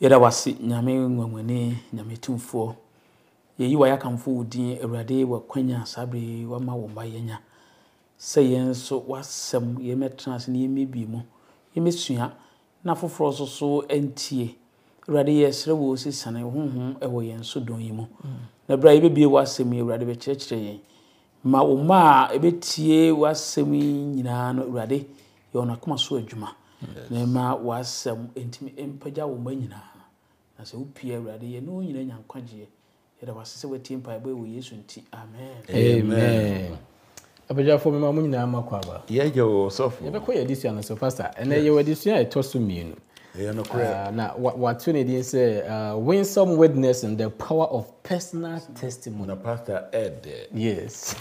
yɛda wase nyame nwanwani nyame tumfoɔ yɛyi wa yɛakamfo wo din awurade wakwanya saa bere wama wo mma yɛanya sɛ yɛn nso wasɛm yɛmɛtena ase ne yɛmmɛbie mu yɛmɛsua na afoforɔ nso so antie awurade yɛsrɛ wɔ sisane honhom ɛwɔ yɛn so dɔn yi mu na berɛ a yɛbɛbie w'asɛm yi awurade bɛkyerɛkyerɛ yɛn ma wo mma a ɛbɛtie w'asɛm yi nyinaa no awurade yɛwɔ nakoma so adwuma na ma wasɛm ntumi mpagya wɔn mma nyinaa na sɛ wopie awurade yɛ na wɔn nyinaa nya nkwagyeɛ yɛda wase sɛ watie mpaebɔ wɔ yesu nti amen amen abagyafo mema mo nyinaa ma kɔ aba yɛgya wɔ sɔfo yɛbɛkɔ yɛ adesua no so pasta ɛnɛ yɛwɔ adesua a ɛtɔ so mmienu ah, na wato ne din sɛ ah, winsome witness and the power of personal testimony na pastor ɛdɛ yes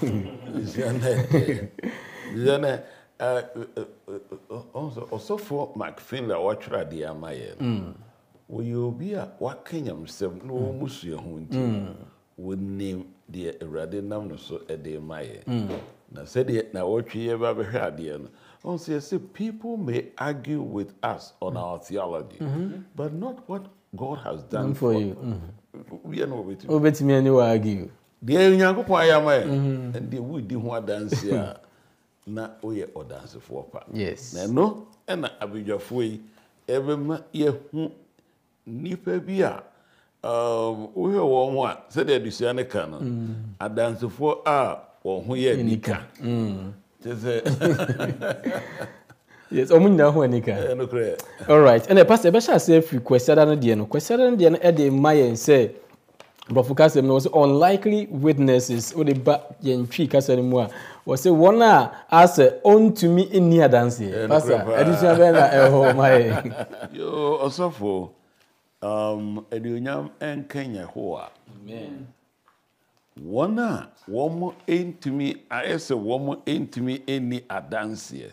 ɔsɔfoɔ macfield a wɔatwerɛ adeɛ ama yɛ no wɔyɛ obi a waka nyamsɛm na wɔn mu sua ho nti wɔnim deɛ awurade nam no so de ma yɛ na sɛdeɛ na wɔtwe yɛ ba bɛhwɛ adeɛ no ɔnso yɛsɛ people may argue with us on mm. our theology mm -hmm. but not what god has done None for, for you wiɛ no wɔbɛtumi wɔbɛtumi ɛni wɔ argue deɛ onyankopɔn ayɛ ama yɛ ɛndeɛ wodi ho adanse a na woyɛ ɔdansefoɔ pa yes. na ɛno ɛna abadwafoɔ yi ɛbɛma yɛhu nnipa bi a um, wohwɛ wɔn ho a sɛdeɛ adusua no ka no mm. adansefoɔ a wɔn ho yɛ nika mm. te sɛ yes ɔmo nyinaa ho ani ka ɛnokorɛ alright ɛna pastor ɛbɛhyɛ aseɛ firi kwasiada no deɛ no kwasiada no deɛ no ɛde ma yɛn sɛ borɔfo kasɛm no wɔ sɛ unlikely witnesses wode ba yɛntwi kasa no mu a wɔ sɛ wɔn a asɛ ɔntumi nni adanseɛ pasa adesua bɛɛ na ɛhɔ ma yɛ ɔsɔfo um, aduonyam ɛnka nyahoa wɔn a wɔn ntumi ayɛ sɛ wɔn ntumi nni adanseɛ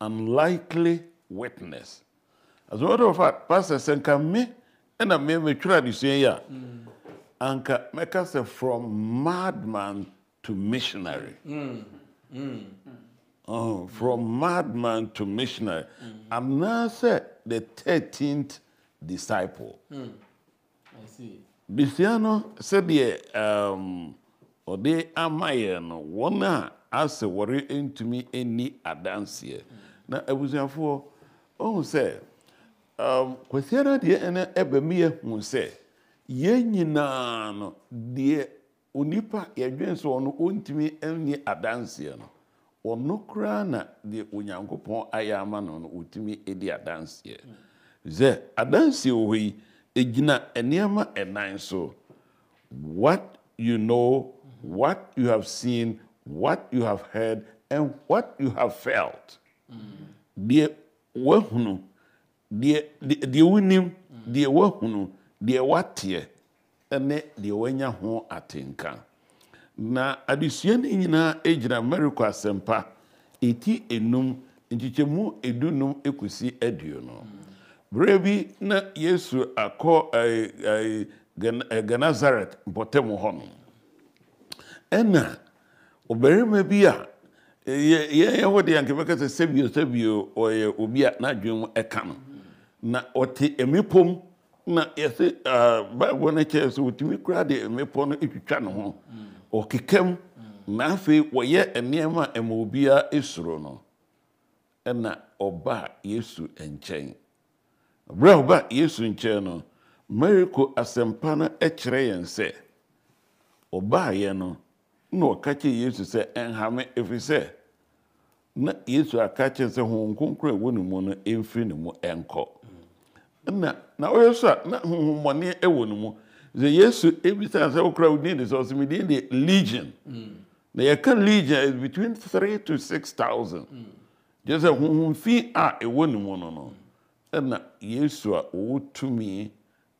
unlikely witness as a matter of fact pastor sɛ nka mi ɛna me metwerɛ adesua yi a mm anka mɛka sɛ from madman to missionary mm. Mm. Oh, from madman to missionary mm. anaasɛ the 13th disciple mm. bisia um, no sɛdeɛ um, ɔde ama yɛ no wɔn a asɛ wɔre ntumi ani adanseɛ mm. na abusuafoɔ ɔhu oh, say. um, kwasiara deɛ ɛna ɛbɛmi yɛ hu yɛn nyinaa no deɛ onipa yɛdwen so ɔno ɔntumi nye adanseɛ no ɔno koraa na deɛ onyankopɔn ayɛ ama no no ɔtumi di adanseɛ sɛ adanseɛ wɔ hɔ yi egyina nneɛma nnan so what you know what you have seen what you have heard and what you have felt deɛ wahunu deɛ deɛ wonim deɛ wahunu. deɛ wateɛ ne deɛ wanya ho atenka na adesua no nyinaa gyina mmarikɔ asɛmpa ɛti enum nkyekyɛmu num kɔsi aduo no berɛ bi na yesu akɔ genazaret mpɔtam hɔ no ɛna ɔbarima bi a yɛyɛ hɔ deɛ ankɛmɛka sɛ sɛbio sɛbio ɔyɛ obi a n'adwene mu ɛka no na ɔte mmepom na yɛsɛ ah, bible no kyerɛ sɛ wɔtumi kora de mmepɔ no twitwa ne ho ɔkekam na afei wɔyɛ nneɛma a ɛma obiara suro no ɛna ɔba yesu nkyɛn berɛ a ɔba yesu nkyɛn no mariko asɛmpa no kyerɛ yɛn sɛ ɔbaayɛ no na ɔka kye yesu sɛ ɛnhame ɛfiri sɛ na yesu aka kyerɛ sɛ honhom kronkron a ɛwɔ ne mu no ɛmfiri ne mu ɛnkɔ ɛna. na ɔyɛ so a na honhommɔne wɔ no mu sɛ yesu ebisa sɛ wokora wo din de sɛ ɔsɛ din de legion na yɛka legion is between three to six thousand gye sɛ honhomfi a ɛwɔ ne mu no no ɛna yesu a ɔwɔ tumi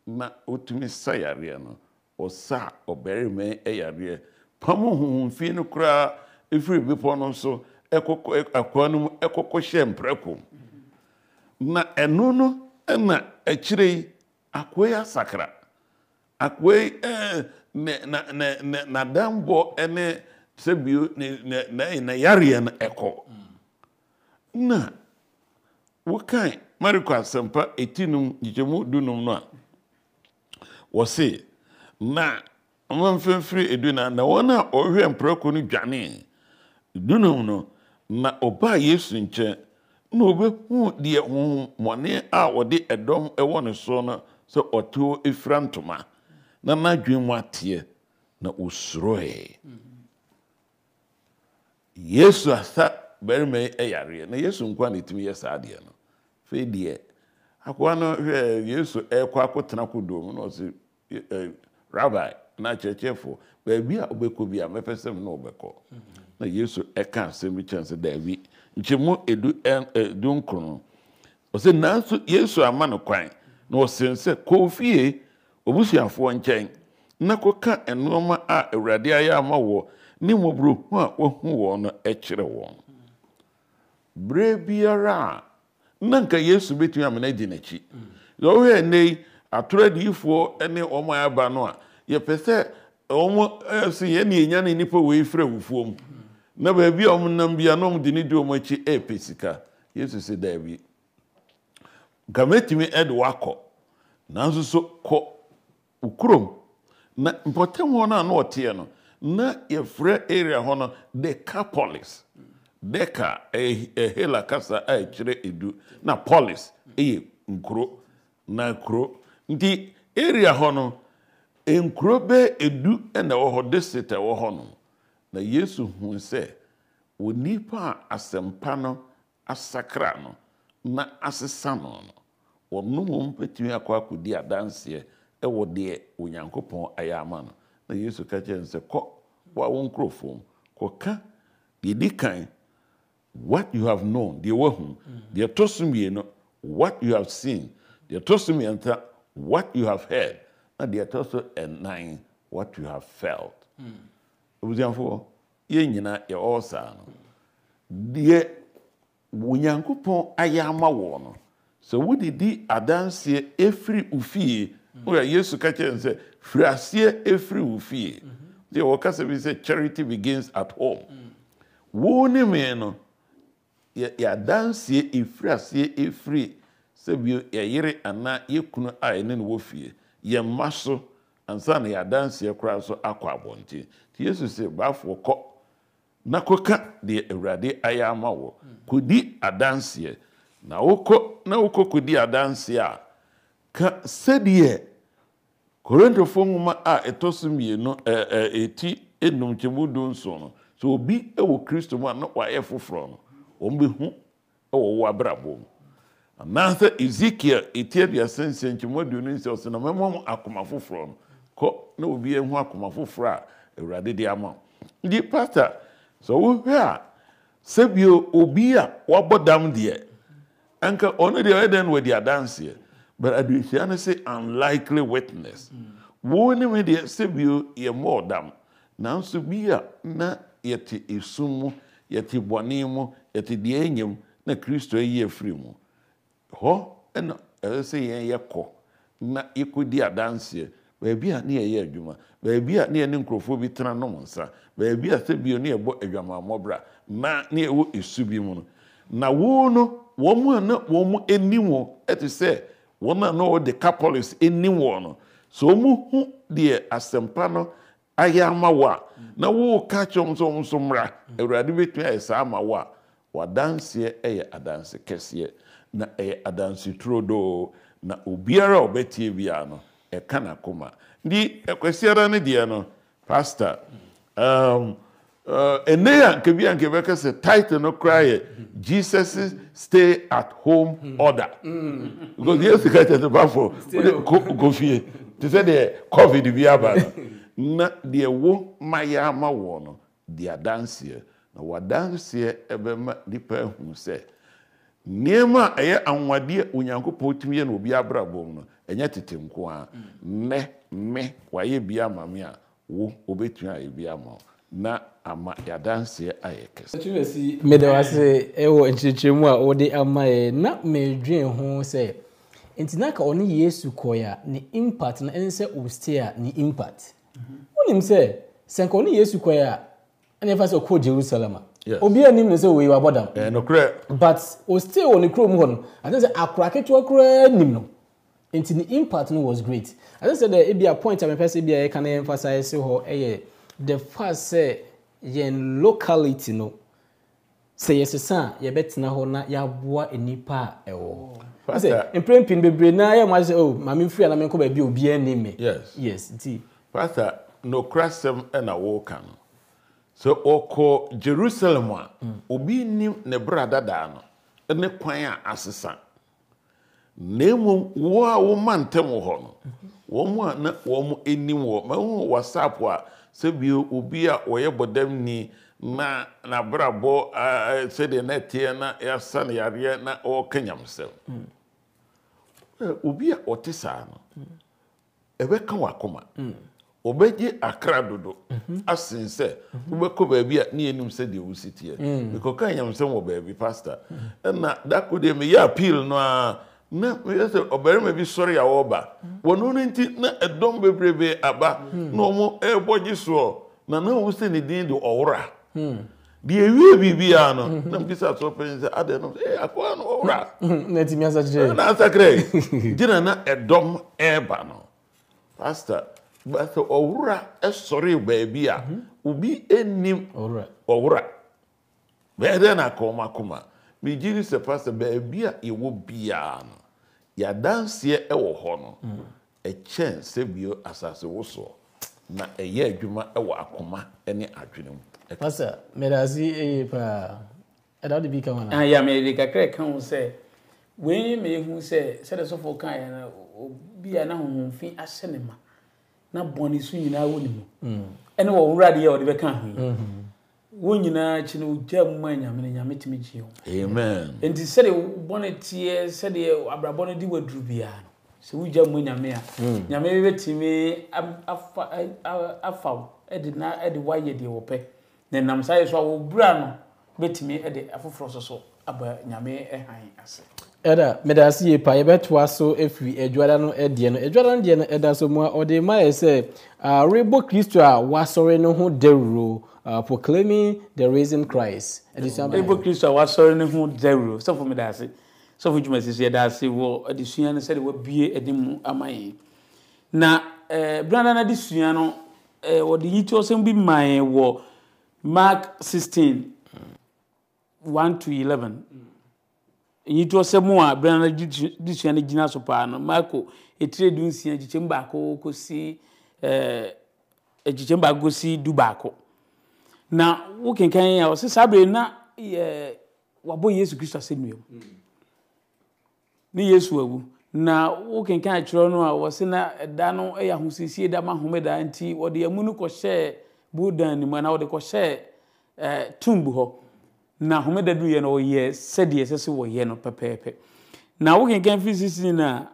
na ɔtumi sa yareɛ no ɔsa a ɔbarima yareɛ pam honhomfi no koraa ɛfiri bepɔ no so ɛkɔkɔ akoa no mu ɛkɔkɔ hyɛ mprɛko na ɛno no ɛna akyire yi akwei asakra akwei nadambɔ eh, ne sɛbio nayareɛ no ɛkɔ na wokae mariko asɛmpa ɛtinom gyikyɛmu dunum no a wɔse na mamfɛmfiri adunan na wɔn a ɔhwɛ mprako no dwanee dunum no na ɔbaa yesu nkyɛn na obɛhu deɛ honhommɔne a ɔde ɛdɔm ɛwɔ ne so no sɛ ɔte hɔ ntoma na n'adwene mu ateɛ na ɔsuroe yesu asa barima yi ɛyareɛ na yesu nko a na ɛtumi yɛ saa adeɛ no fei deɛ akoa no hwɛ yesu ɛkɔ akɔtena kodoɔ mu na ɔsɛ rabai na akyerɛkyerɛfoɔ baabi a wobɛkɔ bi a mɛpɛ sɛ na wobɛkɔ na yesu ɛka asɛm bi kyɛn sɛ daabi nkyɛmu edu ɛn eh, edu nkron ɔsɛ nanso yesu ama no kwan na ɔsɛn sɛ kɔɔfie obusuafoɔ nkyɛn na kɔka nneɛma a awurade ayɛ ama wɔ ne hu a wahu wɔn no kyerɛ wɔn bere biara a na nka yesu bɛtumi amena di n'akyi deɛ ɔhwɛ ɛnɛ yi atoro adiyifoɔ ne wɔn a aba no a yɛpɛ sɛ wɔn ɛsɛ eh, yɛn ne yɛnya ne nipa wɔ efirɛ wufuo mu. na baabi a ɔmonam bia na ɔmde ne di ɔm akyi ɛpɛ sika yesu sɛ daabi gamatumi ɛde wakɔ nanso so kɔ okurom na mpɔtam hɔ no a na ɔteɛ no na yɛfrɛ area hɔ no decapolis deca ɛyɛ hela kasa a ɛkyerɛ edu na polis ɛyɛ nkuro na kuro nti area hɔ no nkuro bɛɛ edu ɛna ɛwɔ hɔ district ɛwɔ hɔ no na yesu hu sɛ onipa a asɛmpa no asakra no na asesa no no ɔno mom bɛtumi akɔ akɔdi adanseɛ ɛwɔ deɛ onyankopɔn ayɛ ama no na yesu ka kyerɛ no sɛ kɔ wa wo nkurɔfoɔ kɔka yɛdi kan what you have known deɛ woahu mm-hmm. deɛ tɔ so mmienu what you have seen deɛ tɔ so mmiɛnsa what you have heard na deɛ tɔ so ɛnan what you have felt mm. obusuafoɔ yɛn nyinaa yɛwɔ saa no deɛ onyankopɔn ayɛ ama wɔ no sɛ wodidi adanseɛ efiri ofie wɔyɛ yesu ka kyerɛ sɛ firi aseɛ efiri ofie deɛ wɔkasa bi sɛ charity begins at home wɔn ne mii no yɛ yɛadanseɛ efiri aseɛ efiri sɛbi yɛyere anaa yɛkunu a yɛne no wɔ fie yɛn mma so. ansa na yɛadanseɛ koraa nso akɔ abɔnten nti yesu sɛ baafoɔ kɔ na kɔka deɛ awurade ayɛ ama wɔ kɔdi adanseɛ na wokɔ na wokɔ kɔdi adanseɛ a ka sɛdeɛ korintofoɔ nwoma a ɛtɔ so mmienu ɛti enum kyɛmu du nson no so obi wɔ kristo mu a na wayɛ foforɔ no wɔn bɛhu wɔ wɔ abrabɔ mu anaasɛ ezekiel eti aduasa nsia nkyɛmu aduonu nsia ɔsɛ na mɛma mu akoma foforɔ no kɔ na obi ehu akoma foforɔ a awurade de ama nti pastor sɛ wohwɛ a sɛbio obi a wabɔ dam deɛ anka ɔno deɛ ɔyɛ dɛn wɔdi adanseɛ but aduhyia no sɛ unlikely witness hmm. wɔn ne mu deɛ sɛbio yɛ mɔɔ dam nanso bi a na yɛte esum mu yɛte bɔne mu yɛte deɛ ɛnyɛ mu na kristo ayi afiri mu hɔ ɛna ɛsɛ sɛ yɛn yɛkɔ na yɛkɔdi adanseɛ baabi a ne yɛyɛ adwuma baabi a ne yɛne nkurɔfoɔ bi tena nom nsa baabi a sɛ bio ne yɛbɔ adwamammɔbra ma ne yɛwɔ esu bi mu no na wo no wɔn a na wɔn ani wɔn ɛte sɛ wɔn a na wɔde capolis ani wɔn no so wɔn ho deɛ asɛmpa no ayɛ ama wo a na wɔreka kyerɛ wɔn nso wɔn nso mmra awurade bɛtumi ayɛ saa ama wo a wadanseɛ yɛ adanse kɛseɛ na ɛyɛ adanse turo doo na obiara a ɔbɛtie biara no. ɛka n'akoma ndi ɛkwasiara ne deɛ no pastor um, uh, ene a nkebi a nkebe kɛse title no kora yɛ jesus stay at home order mm. because yesu ka kyerɛ ba fo kɔ fie te sɛ deɛ covid bi aba no na deɛ wo ma yɛ ama wɔ no deɛ adanseɛ na wadanseɛ ɛbɛma nipa ehu sɛ. nneema a ɛyɛ anwadeɛ onyankopɔn tumi yɛ no obi abrabɔ no ɛnyɛ tete nko a nnɛ mme wayɛ bi ama me a wo wobɛtumi ayɛ bi ama wo na ama yɛadanseɛ ayɛ kɛsɛ mede wase ɛwɔ nkyerɛkyerɛ mu a wode ama yɛ na medwen ho sɛ nti na ka ɔne yesu kɔɛ a ne impact no ɛne sɛ ɔste a ne impact mhm. wonim sɛ sɛ nka ɔne yesu kɔɛ a ɛne ɛfa sɛ ɔkɔɔ jerusalem a obi anim ne sɛ wei wabɔ dam eh, but ɔstay wɔ ne kurom hɔ no atɛ sɛ akora ketewa koraa nim no nti ne impact no was great atɛ sɛ dɛ ebi a point a mepɛ sɛ bi a yɛka no emphasize hɔ yɛ the fact sɛ yɛn locality no sɛ yɛsesa a yɛbɛtena hɔ na yɛaboa nnipa a ɛwɔ sɛ mprɛmpin bebree na yɛ ma sɛ o oh, maame mfiri a na menkɔ baabi a obiara nim me yes nti pastor nokorasɛm ɛna wɔreka no sɛ ɔkɔ jerusalem a obi nim ne bra dadaa no ne kwan a asesa na mmom wo a woma ntam hɔ no wɔn a na wɔn anim wɔ ma wɔn whatsapp a sɛbi obi a ɔyɛ bɔdam ni na n'abrabɔ ɛɛ sɛdeɛ na na ɔɔka nyamsɛm obi a ɔte saa no ɛbɛka obɛgye akra dodo asen sɛ wobɛkɔ baabi a ne yɛnim sɛdeɛ wosi teɛ mekɔka mm. nyamsɛm wɔ baabi pastor ɛna dako deɛ meyɛ appeal no a na meyɛ sɛ ɔbarima bi sɔre a wɔba wɔno no nti na ɛdɔm bebrebee aba na ɔmo ɛrebɔ gye soɔ na na wo sɛ ne din de ɔwora hmm. deɛ ewie biribiara no na mbisa asɔpɛn sɛ adeɛ no ee akɔwa no ɔwora hmm. na ɛtumi asakyerɛ na asakyerɛ gyina na ɛdɔm ɛreba no pastor bàtà ọwúrà ẹsọrọ baabi a mhm. obi enim ọwúrà bẹẹ na na akọmakọma megye ni sẹ pastor baabi a yẹwọ biara no yadanseɛ ɛwɔ hɔ no mm. ɛkyɛn sɛbio asase wosoɔ na ɛyɛ adwuma ɛwɔ akoma ɛne adwene mu. pastor mɛda ase eye paa ɛda wode bi ka ho na. Ah, ya mɛde kakra ka ho sɛ wei mɛyɛ hu sɛ sɛdeɛ sɔfoɔ kaa yɛ no obi a na honhomfi ahyɛ ne ma na bɔne so nyinaa wɔ ne mu mm. ɛne wɔ wuradeɛ a wɔde bɛka ho yi mm-hmm. nyinaa akyi no ogya mu ma nyame no nyame tumi gye wo nti sɛdeɛ bɔne teɛ sɛdeɛ abrabɔ no de waduru biara no sɛ wogya mu nyame a mm. nyame bɛtumi afa wo ɛde na ɛde wayɛ deɛ wɔpɛ na nam saa yɛ so a wɔbura no bɛtumi ɛde afoforɔ soso aba nyame ɛhan ase ɛna meda ase yie pa yɛbɛtoa so efiri adwada no deɛ no adwada no deɛ no ɛda so mu a ɔde ma yɛ sɛ rebɔ kristo a wasɔre no ho dawuro proclaiming the risen christ adesua bɛyɛ rebɔ kristo a wasɔre no ho dawuro sɔfo meda ase sɔfo dwuma sisi ɛda ase wɔ adesua no sɛde wabue ɛde mu ama yɛn na ɛɛ branda no adesua no ɛɛ wɔde yi tiɔ sɛm bi maa yɛn wɔ mark sixteen one to eleven. yitoɔ sɛ mu a berɛ no desua no gyina so paa no mako ɛtire du nsia akyikyɛm baako kɔsi akyikyɛm eh, baako kɔsi du baako na wokenkan yɛ a ɔsɛ saa berɛ na wabɔ yesu kristo asɛ nnua mu ne yesu awu na wokenkan akyerɛ no a wɔsɛ na ɛda no yɛ ahosiesie da ma homeda nti wɔde amu no kɔhyɛɛ budan ne mu anaa wɔde kɔhyɛɛ eh, tomb hɔ na homeda duruiɛ no wɔyɛ sɛdeɛ ɛsɛ sɛ wɔyɛ no pɛpɛɛpɛ na wokenkan firi sisi no a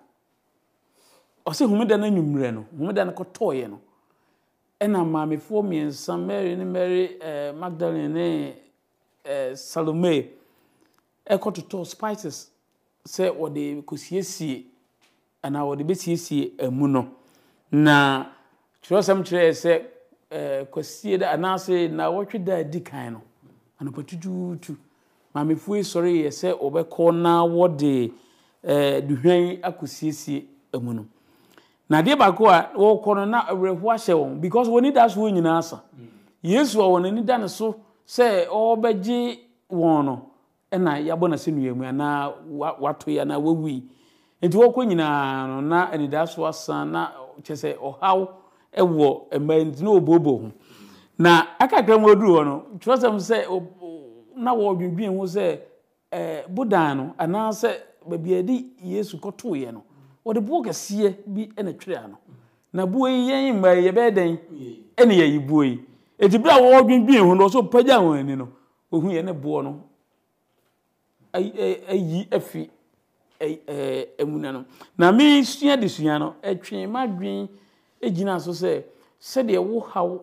ɔsɛ homeda no anwummerɛ no homeda no kɔtɔɔyɛ no ɛna maamefoɔ mmiɛnsa mary ne mary eh, magdalene ne eh, salome ɛkɔtotɔɔ spices sɛ wɔde kɔsiesie anaa wɔde bɛsiesie amu no na kyerɛsɛm kyerɛɛ sɛ eh, kwasie da anaasɛ na wɔtwe da adi kan no anɔpa tutuutu maamefoɔ yi sɔre yɛ sɛ wɔbɛkɔ na wɔde ɛɛ eh, duhwan akɔsiesie ɛmu no na adeɛ baako a wɔrekɔ no na awerɛhoɔ ahyɛ wɔn because wɔn ani da so wɔn nyinaa sa yesu a wɔn ani ne so sɛ ɔrebɛgye wɔn no ɛna yabɔ n'ase nua mu anaa wato yi anaa wawu yi nti wɔkɔ nyinaa no na so asa na kyerɛ sɛ ɔhaw ɛwɔ mmaa nti na ho. na aka mu oduru hɔ no twerɛsɛm sɛ na wɔdwindwin ho sɛ ɛɛ eh, bodan no anaasɛ baabi a yɛde yesu kɔtooyɛ no wɔde boɔ kɛseɛ bi ɛna ano na buo yi yɛn mmaa yi yɛbɛyɛ dɛn ɛna yi buo yi eti a pagya wɔn no ayi ɛɛ eh, eh, na sua no ɛtwe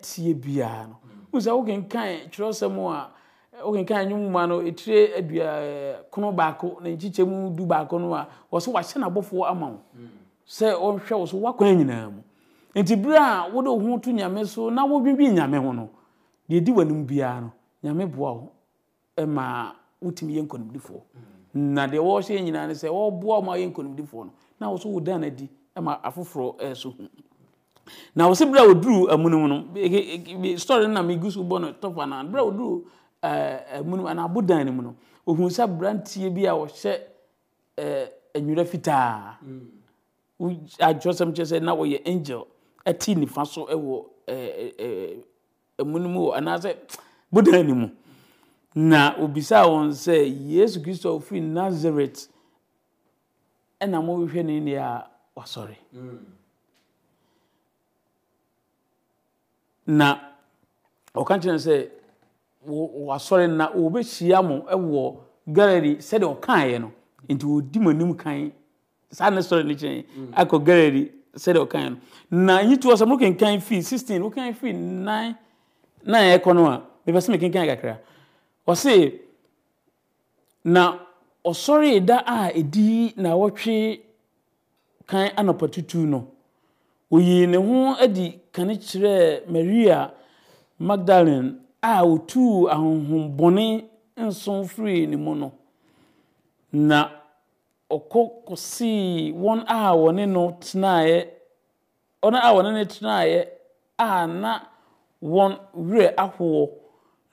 tie biara no mm. hu sɛ wokenkan kyerɛwsɛm a eh, wokenkan ma no etire ɛtire eh, aduakono eh, baako na ne nkyikyɛmu du baako no a wɔ so na n'abɔfoɔ ama wo mm. sɛ ɔhwɛ wo so woakwan nyinaa mu nti berɛ a wode wo ho to nyame so na wodwindwi nyame ho no deɛ ɛdi w'anim biara no nyame boa wo ma wotumi yɛ nkɔnimdifoɔ mm. na deɛ wɔhyɛ nyinaa no sɛ wɔboa wo ma woyɛ nkɔnimdifoɔ no na wo so wodaa no adi ma afoforɔ so na wɔsi bere uh, uh, a oduru amunum no story no na mi gu so bɔ no top ana bere a oduru amunum ana abodan no mu no ohun sɛ aberanteɛ bi a ɔhyɛ enwura fitaa adwosɛm kyerɛ sɛ na wɔyɛ angel ɛte nifa so ɛwɔ amunum wɔ anaasɛ bodan no mu na obisa wɔn sɛ yesu kristo ofiri nazareth ɛna mo hwehwɛ ne nea wasɔre. Mm. na ɔka kyerɛ sɛ wasɔre na wɔbɛhyia mo wɔ gallery sɛdeɛ ɔkaeɛ no nti wɔdi m'anim kan saa ne sɔre no kyerɛ mm. akɔ gallery sɛdeɛ ɔkaeɛ no na nyitoɔ sɛ mokenkan fii 16 wokan fii 9 9 ɛkɔ no a mepɛ sɛ mekenkan kakra ɔse na ɔsɔre da a ɛdi na wɔtwe kan anɔpa no oyii ne ho adi kane kyerɛɛ maria magdalene a otuu ahonhombɔne nson firii ne mu no na ɔkɔ kɔsii wɔn a wɔne no tenaeɛ ɔno a wɔne no tenaeɛ a na wɔn werɛ ahoɔ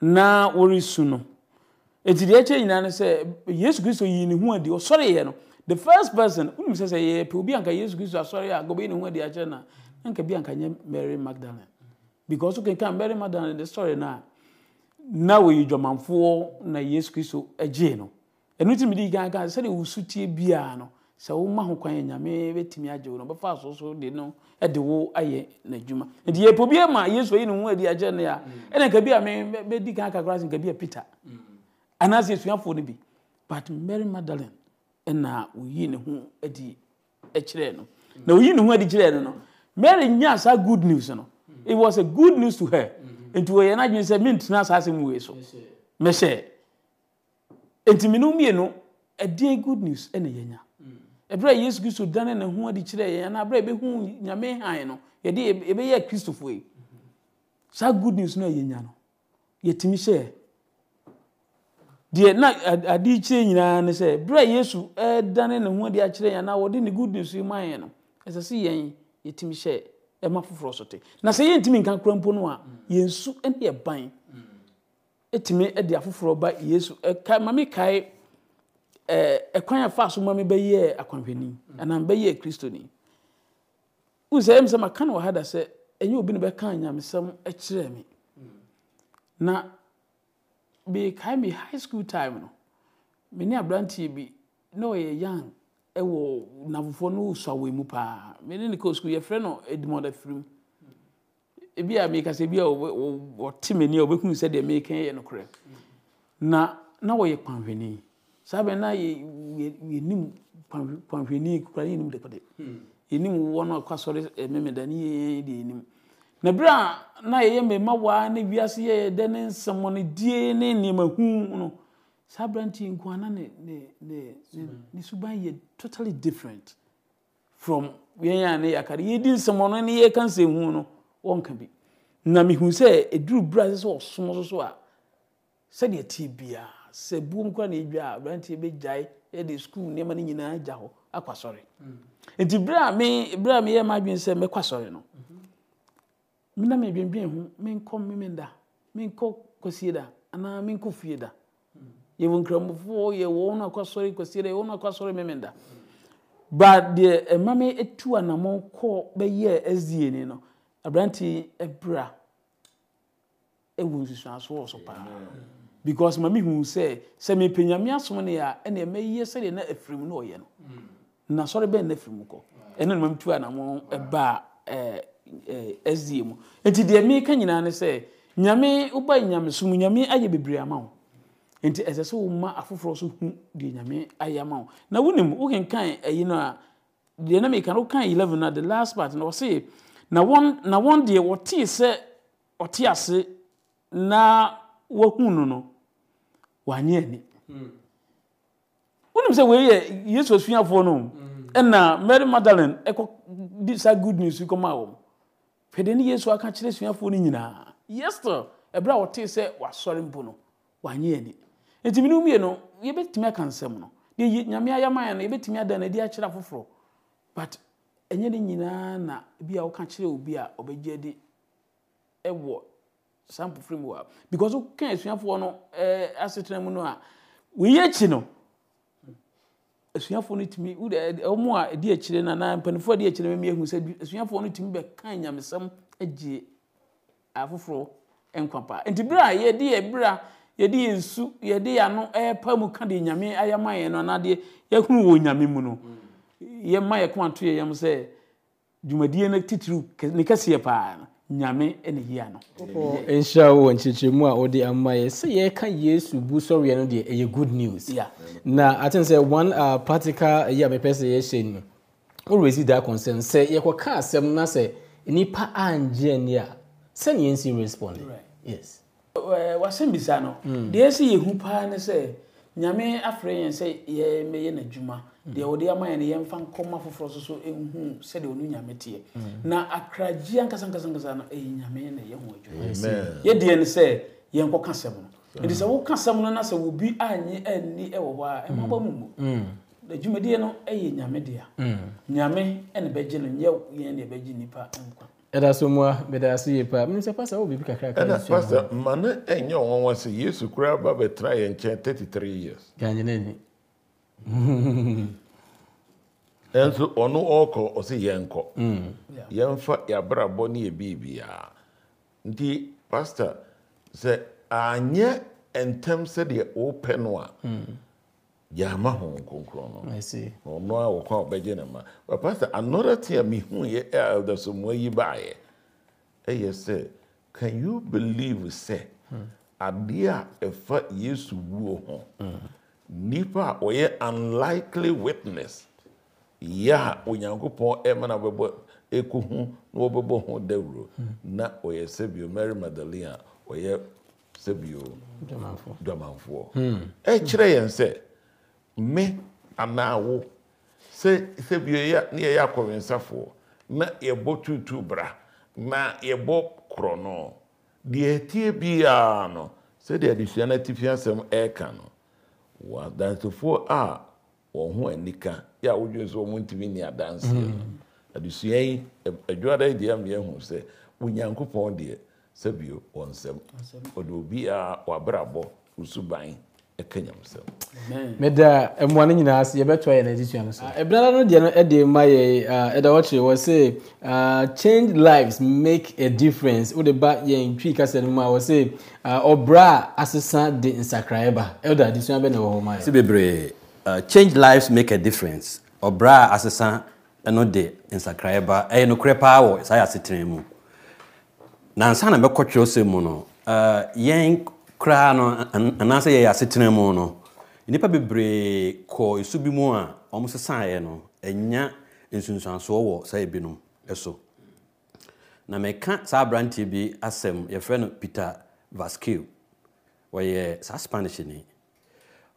na wɔresu no nti deɛ ɛkyerɛ nyinaa no sɛ yesu kristo yii ne ho adi ɔsɔreeɛ no the first person wọ́n sɛ sɛ yɛpɛ obi anka yesu kristo asɔre a gɔbɛyi ne ho adi akyerɛ na anka bi anka nyɛ mary magdalene because wokenkan mary magdalene the story no a na wɔyɛ dwamanfoɔ na yesu kristo agyee no ɛno nti mede kan ka sɛdeɛ wo sutie biara no sɛ woma ho kwan nyame bɛtumi agye wo bɛfa so so de no de wo ayɛ n'adwuma nti yɛpɛ obi ma yesu ayi ne ho adi akyerɛ no a ɛna nka bi a mebɛdi kan kakra sɛ nka bi a peter mm. anaasɛ asuafoɔ no bi but mary magdalene na oyi ne ho adi kyerɛɛ no na oyi ne ho adi kyerɛɛ no no mary nya saa good news no it was a good news to her nti wɔyɛ n'adwene sɛ mentena saa asɛm wei so mehyɛ nti mene mmienu ɛdeɛn good news ɛna yɛnya mm. ɛberɛ a yesu kristo dane ne ho adi kyerɛɛ yɛn na aberɛ a yɛbɛhu nyame hann no yɛde yɛbɛyɛ kristofoɔ yi mm-hmm. saa good news no a yɛnya no yɛtumi hyɛ deɛ na adi kyerɛ nyinaa ne sɛ berɛ yesu ɛdane ne ho ade akyerɛ yɛn na wɔde ne good news yi maa yɛn no ɛsɛ sɛ yɛn yɛtumi hyɛ ɛma foforɔ so te na sɛ yɛntumi nka kora mpo no a yɛn su ne yɛ ban ɛtumi de afoforɔ ba yesu ɛka ma me kae ɛɛ ɛkwan afa so ma me bɛyɛ akwanhwɛni anaa bɛyɛ kristoni n sɛ ɛmu sɛ maka no wɔ ha da sɛ ɛnyɛ obi ne bɛka nyamesɛm kyerɛ me na mekae me high school time no me ne aberanteɛ bi na ɔyɛ young ɛwɔ nafofoɔ no ɔsɔ awɔ mu paa me ne ne kɔ sukuu yɛfrɛ no adumɔda firim ebi a mekasa bi a ɔte m'ani a ɔbɛhunu sɛ deɛ meka yɛ nokorɛ na na wɔyɛ kwanhwɛni saa bɛn na yɛnim kwanhwɛni kora yɛnim dekode hmm. yɛnim wɔn a kɔ asɔre mmemeda ne yɛn deɛ yɛnim na bere na yɛyɛ mmarima waa na wiase yɛ dɛ ne nsɛm ne die nneɛma hu no saa aberanteɛ nko ana na ne from yɛn na mehu sɛ eduru bere sɛ sɛ ɔsom so so a sɛdeɛ sɛ kora na edwa a aberanteɛ bɛgyae yɛde sukuu nneɛma no nyinaa gya hɔ akɔ asɔre mm. nti a me a meyɛ sɛ mɛkɔ asɔre no. na medwendwen ho menkɔ mi da menkɔ kɔsie da anaa menkɔ fie da yɛwɔ nkramofoɔ yɛwɔ wɔn akɔ asɔre kɔsie da yɛwɔ wɔn akɔ asɔre meme da ba deɛ ɛma me etu anamɔ kɔ bɛyɛ ɛzie ni no aberante ɛbra ɛwɔ nsusuaso wɔ so paa because maame hu sɛ sɛ mepanyame asom ne a ɛna ɛma yie sɛdeɛ na afiri mu na ɔyɛ no mm. na sɔre bɛn na afiri kɔ ɛna na maame tu anamɔ ɛbaa ɛɛ. Eh, SDA mu nti deɛ meka nyinaa ne sɛ nyame woba nyamesom nyame ayɛ bebree ama wo nti ɛsɛ sɛ woma afoforɔ so hu deɛ nyame ayɛ ama wo na wonim wokenkan ayi no a deɛ na meka no wokan 11 na the last part na ɔse na wɔn na wɔn deɛ wɔtee sɛ ɔte ase na wahu no no wanyɛ ani wonim sɛ wei yɛ yesu asuafoɔ no mm. ɛna mary magdalene ɛkɔ di saa good news kɔmaa wɔn hwɛ deɛ ne yesu aka kyerɛ suafoɔ no nyinaa yɛsɛ ɛberɛ a wɔtee sɛ wasɔre mpo no wanyɛ ani ntumi no mmienu yɛbɛtumi aka nsɛm no deɛ nyame ayɛmayɛ no yɛbɛtumi ada no adi akyerɛ afoforɔ but ɛnyɛ ne nyinaa na bi a woka kyerɛ obi a ɔbɛgye di ɛwɔ sample frame wɔ because woka asuafoɔ no ɛɛ eh, asetena mu no a wɔyi akyi no asuafoɔ no tumi eh, ɔmo a ɛdi akyire no anaa mpanimfoɔ a ɛdi akyire no ehu sɛ asuafoɔ no tumi bɛka nyamesɛm agye afoforɔ nkwa paa nti bere a yɛde yɛ bere a yɛde yɛ nsu yɛde ano ɛɛpa mu ka deɛ nyame ayama yɛn no anaadeɛ yɛhunu wɔ nyame mu no yɛma yɛ kɔn ato yɛ yɛm sɛ dwumadie no titiriw ne kɛseɛ paa no nyame ɛna yi ano. nhyira wo wɔ nkyerɛkyerɛmu a wɔde ama yɛ sɛ yɛka yesu bu sɔrɔɛ no deɛ ɛyɛ good news na aten sɛ one uh, practical yi a mepɛ sɛ yɛhyɛ no wɔresi da concern sɛ yɛkɔka asɛm na sɛ nipa angye ani a sɛne yɛnsi respond yes wasɛm bisa no hmm. deɛ ɛsɛ yɛhu paa ne sɛ nyame afrɛ yɛn sɛ yɛmɛyɛ n'adwuma Mm. deɛ wɔde ama yɛn no yɛmfa nkɔma foforɔ so so ɛnhu sɛdeɛ ɔno nyame teɛ mm. na akragye ankasankasankasa no ɛyɛ nyame na yɛho adwuma yɛdeɛ ne sɛ yɛnkɔka sɛm no nti sɛ woka sɛm no na sɛ wobi anye ani ɛwɔ hɔ a ɛma mm. ba mu mu adwumadie no ɛyɛ nyame dea nyame ɛne bɛgye no nyɛ yɛn ne ɛbɛgye nnipa nkwa ɛda so mua bɛda ase yie paa mmiri sɛ pasa wo biribi kakra kakra pasa ma ne ɛnyɛ wɔn sɛ yesu koraa ba bɛtena yɛn nkyɛn thirty years. ganyene ni. ɛnso ɔno ɔrekɔ ɔsɛ yɛnkɔ mm. yɛmfa yɛabrabɔ ne yɛ biribiaa nti pastor sɛ anyɛ ntɛm sɛdeɛ wopɛ no a mm. yɛama ho kronkron no ɔno a wɔkɔ a ne ma but pasta another thing a mehuuɛ a elder somoa yi baayɛ ɛyɛ sɛ can you believe sɛ mm. adeɛ a ɛfa yesu wuo ho nipa a ɔyɛ unlikely witness ya a onyankopɔn na ɔbɛbɔ hụ na ɔbɛbɔ ho na ɔyɛ sebio mary magdalene a ɔyɛ sɛbio dwamanfoɔ hmm. ɛkyerɛ yɛn sɛ me anaa wo sɛ sɛbio ya ne yɛyɛ akɔwensafoɔ na yɛbɔ tutu bra na yɛbɔ korɔ no deɛ ɛtie biara no no wadansefoɔ a wɔn ho anika yɛ a wodwe nso wɔn ntumi ni adanse mm. adusua yi adwada yi deɛ mmea ho sɛ onyankopɔn deɛ sɛbio wɔn nsɛm ɔde obi a wabrabɔ osuban ɛka nyamusa meda mmoa no nyinaa ase yɛbɛtoa yɛ n'adesua no so ɛbenada ah, no deɛ no ɛde ma yɛ ah, ɛda wɔkyerɛ wɔ sɛ ah, change lives make a difference wode ba yɛn twi kasa no mu a wɔ sɛ ɔbrɛ a asesa de nsakraeɛ ba ɛda adesua bɛ na ɛwɔ hɔ ma yɛ bebree change lives make a difference ɔbrɛ a asesa ɛno de nsakraeɛ ba ɛyɛ nokorɛ paa wɔ saa yɛ asetena mu nansa na mɛkɔtwerɛ sɛ mu no yɛn koraa no anaasɛ yɛyɛ asetena mu no nnipa bebree kɔɔ ɛsu bi mu a ɔmosesaeɛ no ɛnya nsunsuansoɔ wɔ saa ebinom so na meka saa aberanteɛ bi asɛm yɛfrɛ no peter vasquil wɔyɛ saa spanish ni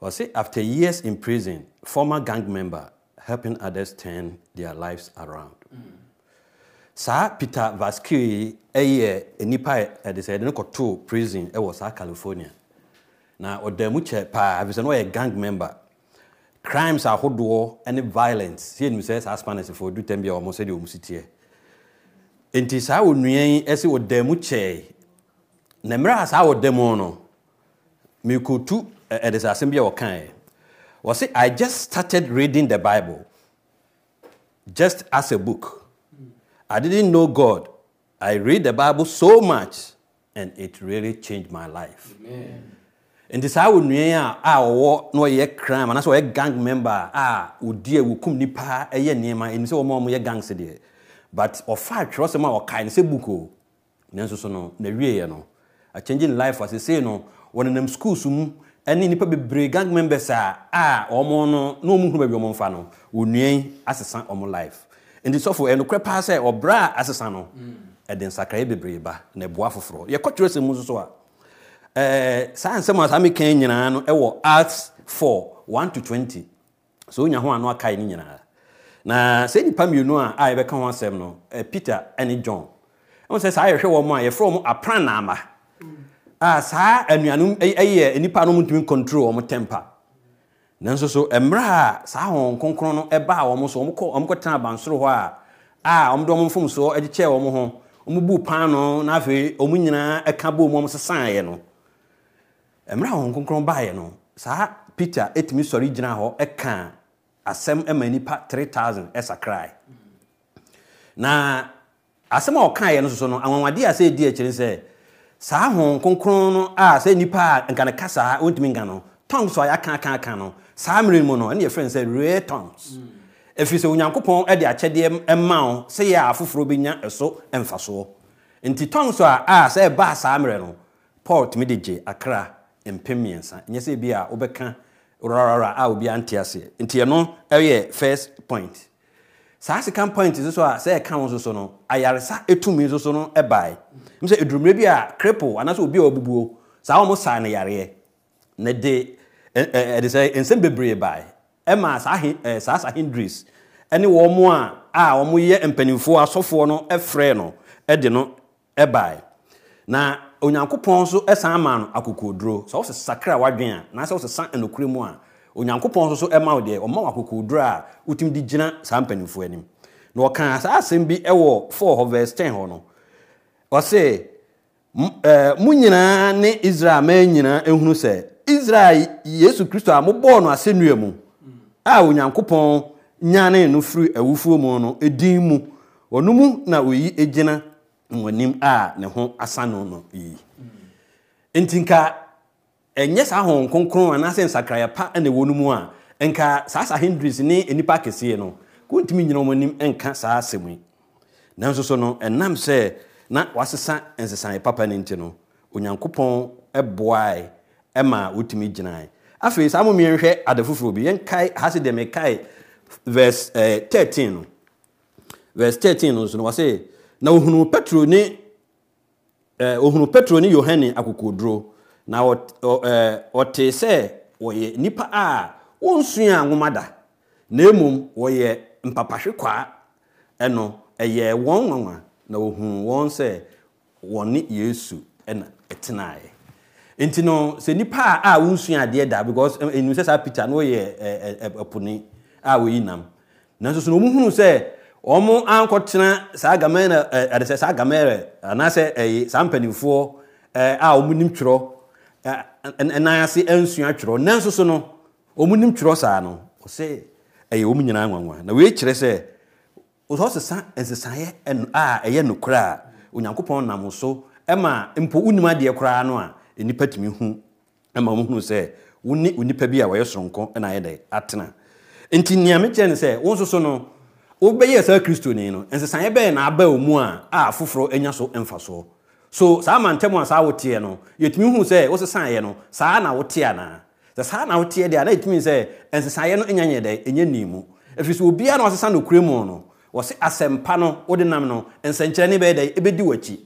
ɔse after years in prison former gang member helping others turn their lives around saa peter vaskiri eh, yɛ eh, nipa yɛde sɛ yɛde no kɔtoo prison eh, wɔ saa california na ɔda mu kyɛ paa afisɛ no ɔyɛ gang member crimes ahodoɔ ne violence sɛ nim sɛ saa spanishfoɔ du tam bi a wɔn sɛdeɛ wɔn si teɛ nti saa onua yi sɛ ɔda mu kyɛe na mmerɛ a saa ɔda mu no mekotu ɛde sɛ asɛm bi a wɔkaeɛ wɔse i just started reading the bible just as a book I didn't know God. I read the Bible so much and it really changed my life. Amen. nti saa onua yi a a ɔwɔ na ɔyɛ crime anaasɛ ɔyɛ gang member ah, a odi a wokum nipa ɛyɛ nneɛma enim sɛ wɔn a wɔyɛ gangs deɛ but of atwerɛsɛm trust ɔkae no sɛ book o nanso so no na wie yɛ no a changing life as a say no wɔnenam school mu any nipa bebree gang members a a wɔn no na wɔn huru baabi wɔn fa no onua yi asesa wɔn life nti sɔfo ɛnokorɛ paa sɛ ɔbrɛ a asesa no ɛde nsakraeɛ bebree ba na ɛboa foforɔ yɛkɔtwerɛ sɛ mu nso a saa nsɛm a saa meka nyinaa no ɛwɔ acts 4 1 to twenty so wonya ho ano akae no nyinaa na sɛ nnipa mmienu a a yɛbɛka ho asɛm no peter ne john ɛhu sɛ saa yɛhwɛ wɔ mu a yɛfrɛ mu apranaama a saa anuanom ɛyɛ nnipa no mtumi control ɔm temper nanso so mmerɛ a saa hɔn kronkron no ɛbaa wɔn so ɔmkɔtena abansoro hɔ a de ɔmde ɔm mfomsoɔ agyekyɛɛ wɔm ho bu paano na afei ɔmu nyinaa ɛka bom sesan sesaeɛ no mmerɛ a hɔn kronkron baeɛ no saa peter etumi sɔre gyina hɔ ɛka asɛm ma nipa three thousand ɛsakrae na asɛm a ɔkaeɛ no soso no awanwadeɛ a sɛ ɛdi sɛ saa hɔn kronkron no a sɛ nipa a nka saa ɔntumi nka no towns a yɛakakaka no saa mmere mu no ɛne yɛfrɛ no sɛ rare towns mm. ɛfiri sɛ onyankopɔn de akyɛdeɛ ma wo sɛ yɛ afoforɔ bɛnya ɛso mfasoɔ nti towns a a sɛ ɛbaa saa mmerɛ no paul tumi de gye akra mpem mmiɛnsa ɛnyɛ sɛ bi a wobɛka rarara a obiara nte aseɛ nti ɛno yɛ first point saa second point nso so a sɛ ɛka ho nso no ayaresa tumi nso no bae m sɛ ɛdurumire bi a kripo anaasɛ obi a ɔbubuo saa wɔn saa no yareɛ ne de ɛde sɛ nsɛm bebree bae ɛma saa sahendris ne wɔ mo a a wɔyɛ mpanimfoɔ asɔfoɔ no frɛ no de no bae na onyankopɔn nso san ama no akokoɔduro sɛ wose sakra w'adwen a naasɛ wose sa nokorɛ mu a onyankopɔn nso so ma wo deɛ ɔma wakokoɔduro a wotumi de gyina saa mpanimfoɔ anim na ɔka saa asɛm bi wɔ 4 hɔ verse 10 hɔ no ɔse mo nyinaa ne israel maa nyinaa ɛhunu sɛ israel yesu kristo a mobɔɔ no asɛnnua mu a onyankopɔn nyane no firi awufuo mu no din mu ɔno mu na ɔyi gyina wɔnim a ne ho asa no no yi nti nka ɛnyɛ saa hohom kronkron anaasɛ nsakrayɛ pa ne wɔ no mu a nka saa sa hindris ne nnipa akɛseɛ no kɔntumi nyina ɔmɔnim nka saa asɛm yi nanso so no ɛnam sɛ na wasesa nsesaeɛ papa no nti no onyankopɔn boae ma wotumi gyinae afei saa mommiɛnhwɛ ada foforɔ bi yɛnkae ha se deɛ mekae vs 13 eh, no vs 13 no so no wɔ se na ohunu petro ne eh, Ohunu petro ne yohane akokoduro na eh, ɔtee sɛ wɔyɛ nnipa a wɔnsua a nwoma da na mmom wɔyɛ mpapahwekwaa ɛno ɛyɛɛ wɔn nwanwa na ɔhunu wɔn sɛ wɔne yesu ɛna ɛtenaeɛ nti no sɛ nipa a wonsua adeɛ da because eh, ɛnim sɛ saa peter no ɔyɛ eh, eh, a wɔyi nam nanso so no ɔmuhunu sɛ ɔmo ankɔtena saa saa anaasɛ saa mpanimfoɔ a nim ɛnan ase nanso so no nim saa no ɔsɛ ɛyɛ nyinaa nwanwa na wei kyerɛ sɛ nsesaeɛ a ɛyɛ a onyankopɔn nam so ɛma mpo nnipa tumi hu ma wohunu sɛ wo ne onipa bi a wɔyɛ soronko na ayɛ dɛ atena nti nea mekyerɛ ne sɛ wo nso so no wobɛyɛ saa kristoni no nsesaeɛ bɛyɛ na aba mu a a anya so mfa soɔ so saa mantam a saa woteɛ no yɛtumi hu sɛ wosesaeɛ no saa na wote anaa sɛ saa na woteɛ deɛ ana yɛtumi sɛ nsesaeɛ no ɛnya nyɛ dɛ ɛnyɛ ni mu ɛfiri sɛ obiara na wɔsesa nokorɛ mu no wɔse asɛmpa no wode nam no nsɛnkyerɛ ne dɛ ɛbɛdi w'akyi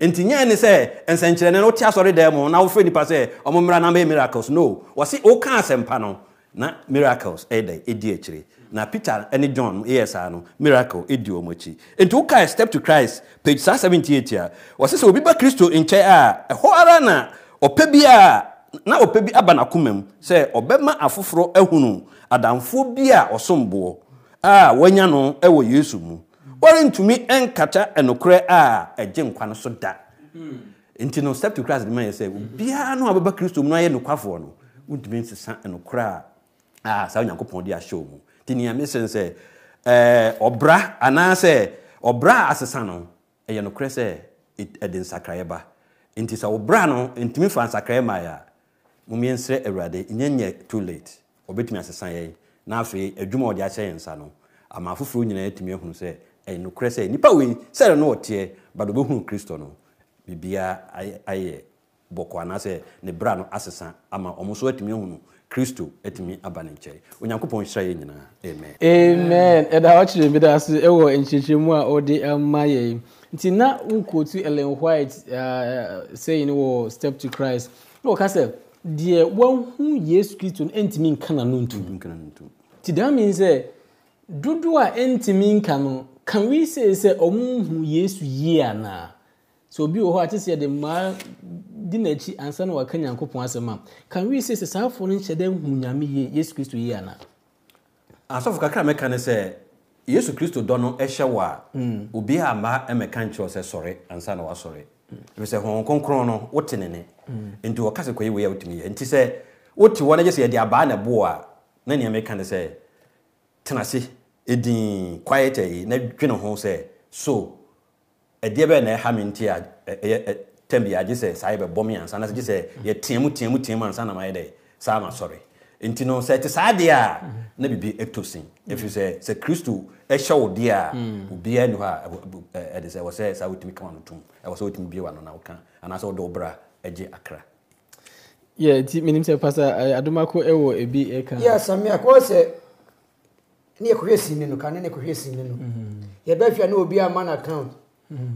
nti nyɛ ne sɛ nsɛnkyerɛnne no wote asɔre dan mu na wofrɛ nipa sɛ ɔmo mmra na bɛyɛ miracles no wɔsi woka asɛmpa no na miracles ɛda ɛdi akyire na peter ne john yɛ saa no miracle ɛdi wɔn akyi nti wokae step to christ page saa 78 a wɔsi sɛ obi ba kristo nkyɛn a ɛhɔ ara na ɔpɛ bi a na ɔpɛ bi aba n'akoma mu sɛ ɔbɛma afoforɔ ahunu adamfoɔ bi a ɔsom boɔ a wanya no wɔ yesu mu wɔrentumi nkata nokorɛ a ɛgye nkwa no so da nti no step to christ dema yɛ sɛ obiara no a bɛba kristo mu no ayɛ nokwafoɔ no wontumi nsesa nokorɛ a saa onyankopɔn de ahyɛ wo mu nti nea mesene sɛ eh, ɔbra anaasɛ ɔbra a asesa no ɛyɛ nokorɛ sɛ ɛde nsakraeɛ ba nti sɛ ɔbra no ntumi fa nsakraeɛ maeɛ a momiɛnsrɛ awurade nyɛnyɛ too late ɔbɛtumi asesa yɛn na afei adwuma a ɔde ahyɛ yɛn nsa no ama afoforɔ nyinaa atumi ahunu sɛ ɛyɛ sɛ nipa wei sɛde no ɔteɛ bade wobɛhunu kristo no biribiaa ayɛ bɔkɔ anaasɛ ne berɛ no asesa ama ɔmo so atumi ahunu kristo atumi aba ne nkyɛe onyankopɔn hyira yɛ nyinaa amen ɛda wɔkyerɛ bi da ase ɛwɔ nkyerɛkyerɛmu a ɔde ma yɛi nti na wokɔtu ellen white sɛi no wɔ step to christ na wɔka sɛ deɛ woahu yesu kristo no ɛntumi nka nano ntum nti daa min sɛ dodoɔ a ɛntumi nka no can we say sɛ ɔmo hu yesu yie anaa sɛ obi wɔ hɔ a te sɛ yɛde mmaa di n'akyi ansa na waka nyankopɔn asɛm a can we say sɛ saa afoɔ no nhyɛ dɛ hu nyame yie yesu kristo yie anaa asɔfo kakra mɛka ne sɛ yesu kristo dɔ no ɛhyɛ wɔ a hmm. obi a mma mɛka nkyerɛ sɛ sɔre ansa na wasɔre ɛfiri sɛ hɔn kronkron no wote ne ne hmm. nti wɔka sɛ kɔyɛ wei a wotumi yɛ nti sɛ wote hɔ no gye sɛ yɛde abaa na boɔ a na nneɛma ka ne sɛ tena ɛdin quiet yi na dwene ho sɛ so ɛdeɛ bɛyɛ na ɛha me nti a ɛyɛ tɛm bi agye sɛ saa yɛ bɛbɔ me ansa na gye sɛ yɛ teamu teamu teamu ansa na ma yɛ dɛ saa ma sɔre nti no sɛ ɛte saa deɛ a na bibi ɛtɔ sin ɛfiri sɛ sɛ kristo ɛhyɛ wo deɛ a mm. obiara ni hɔ a ɛde sɛ ɛwɔ sɛ saa wotumi kama no tum ɛwɔ sɛ wotumi bie wa no na woka anaasɛ wode wo bra ɛgye akra yɛ nti menim sɛ pasa eh, adomako ɛwɔ ebi ɛka yɛ asame akɔ sɛ ne yɛkɔhwɛ sini no kane ne yɛkɔhwɛ sini no yɛbɛhwɛ ne obi ama no account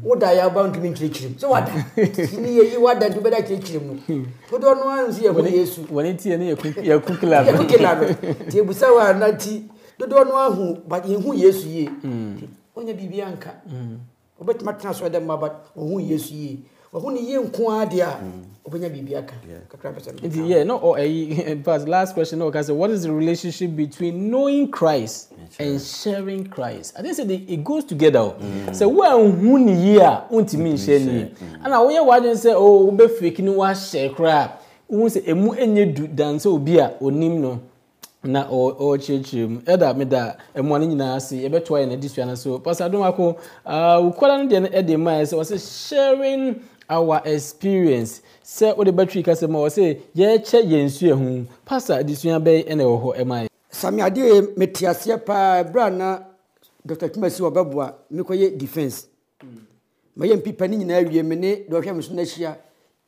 woda yɛ aba ntumi nkyerɛkyerɛm sɛ wada sini yɛyi wada nti wobɛda kyerɛkyerɛm no dodoɔ no ara nso yɛho yesu wɔne tiɛ ne yɛku kila no yɛku kila no nti ɛbusa wɔ ana nti dodoɔ no ahu but yɛhu yesu yie ɔnyɛ biribi anka wobɛtumi atena so ɛdɛ mma but ɔhu yesu yie ɔho ne yɛ nko ara deɛ a ɔbɛnya biribi aka kakra pɛ sɛ nti yɛ na ɔɛyi pass last question na ɔka sɛ what is the relationship between knowing Christ and sharing Christ I think say the it goes together o sɛ wo a nhu ne yie a ontumi nhyɛ ne yie ana woyɛ wadwin sɛ o wobɛfake ne wahyɛ koraa wohu sɛ ɛmu ɛnyɛ du dan sɛ obi oh, a onim oh, no na ɔrekyerɛkyerɛ mu ɛda meda mmoa no nyinaa ase yɛbɛtoa yɛ no adi sua no so pastor adomakɔ wokwada uh, no deɛ no ɛde maɛ sɛ ɔsɛ sharing our experience sɛ wode bɛtwi kasɛm a wɔ sɛ yɛkyɛ yɛn sua ho pasa adesua bɛyɛ ɛna ɛwɔ hɔ ɛma yɛ same adeɛ mete aseɛ paa berɛ a na dr tumasi wɔbɛboa mekɔyɛ defense mayɛ mpipa no nyinaa wie me ne dɔhwɛ me so no ahyia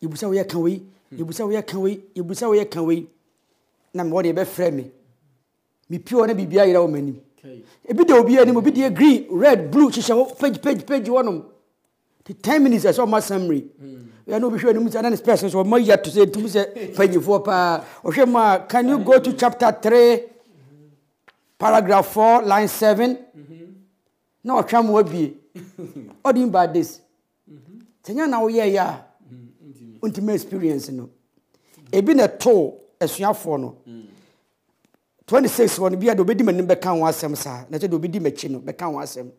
yɛbusa woyɛ ka wei yɛbusa woyɛ ka wei yɛbusa woyɛ ka wei na mewɔ de yɛbɛfrɛ me mepie hɔ na biribia yerɛ wɔ m'anim ebi da obi anim obi deɛ green red blue hyehyɛ wo page page page wɔnom the ten minutes ɛsɛ ɔmo asɛmri ɛna obi hwɛ ɛnum sɛ ɛna ne spɛs nso ɔmo yɛ to sɛ etum sɛ mpanyinfoɔ paa ɔhwɛ mu a can you go to chapter three paragraph four line seven na ɔtwa mu abie ɔdi ba this sɛnyɛ na woyɛ yɛ a ntumi experience no ebi na to asuafoɔ no mm. twenty six wɔ no bi a de obi di ma anim bɛka ho asɛm saa na kyɛ de obi di ma akyi no bɛka ho asɛm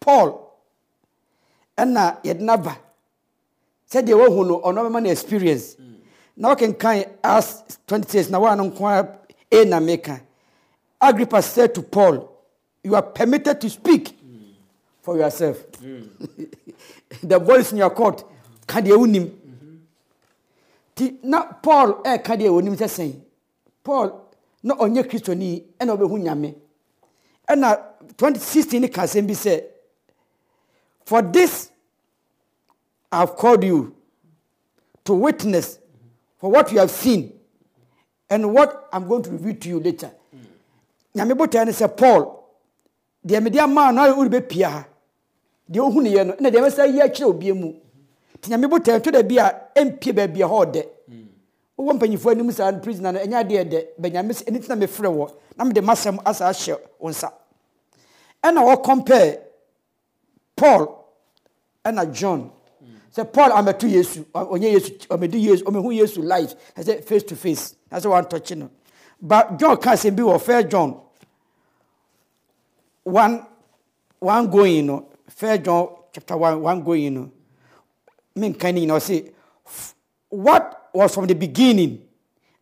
paul ɛna yɛde naba sɛdeɛ woahu no ɔno bɛma no experience na wokenkan as 26 na woa no nko a e na meka agrippa said to paul you are permitted to speak for yourself mm. the voice in your court ka deɛ wonim ti na paul ɛka deɛ wɔnim sɛ sɛn paul na ɔnyɛ kristoni ɛna ɔbɛhu nyame ɛna 2016 ne ka asɛm bi sɛ For this I've called you to witness for what you have seen and what I'm going to reveal to you later. Nyame botan ne sɛ Paul deɛ mede ama no a worebɛpia ha deɛ ohu neyɛ no na deɛ mɛsa yi akyerɛ obia mu nti nyame botan to da bi a ɛmpie baabi a hɔ ɔdɛ wowɔ mpanyimfoɔ anim saa no prisoner no ɛnyɛ adeɛ dɛ bɛnyame sɛ ɛno ntina mefrɛ wɔ na mede m'asɛm asa ahyɛ wo nsa ɛna wɔkɔmpɛɛ Paul and ɛna john say paul I I two amɛto oh, yesu ɔnyɛ yesu who yesu to yesu I said face to face ɛsɛ wantɔkye touching. but john can't asɛm be wɔ fair john one one going no fair john chapter one one going no menka you know, say, what was from the beginning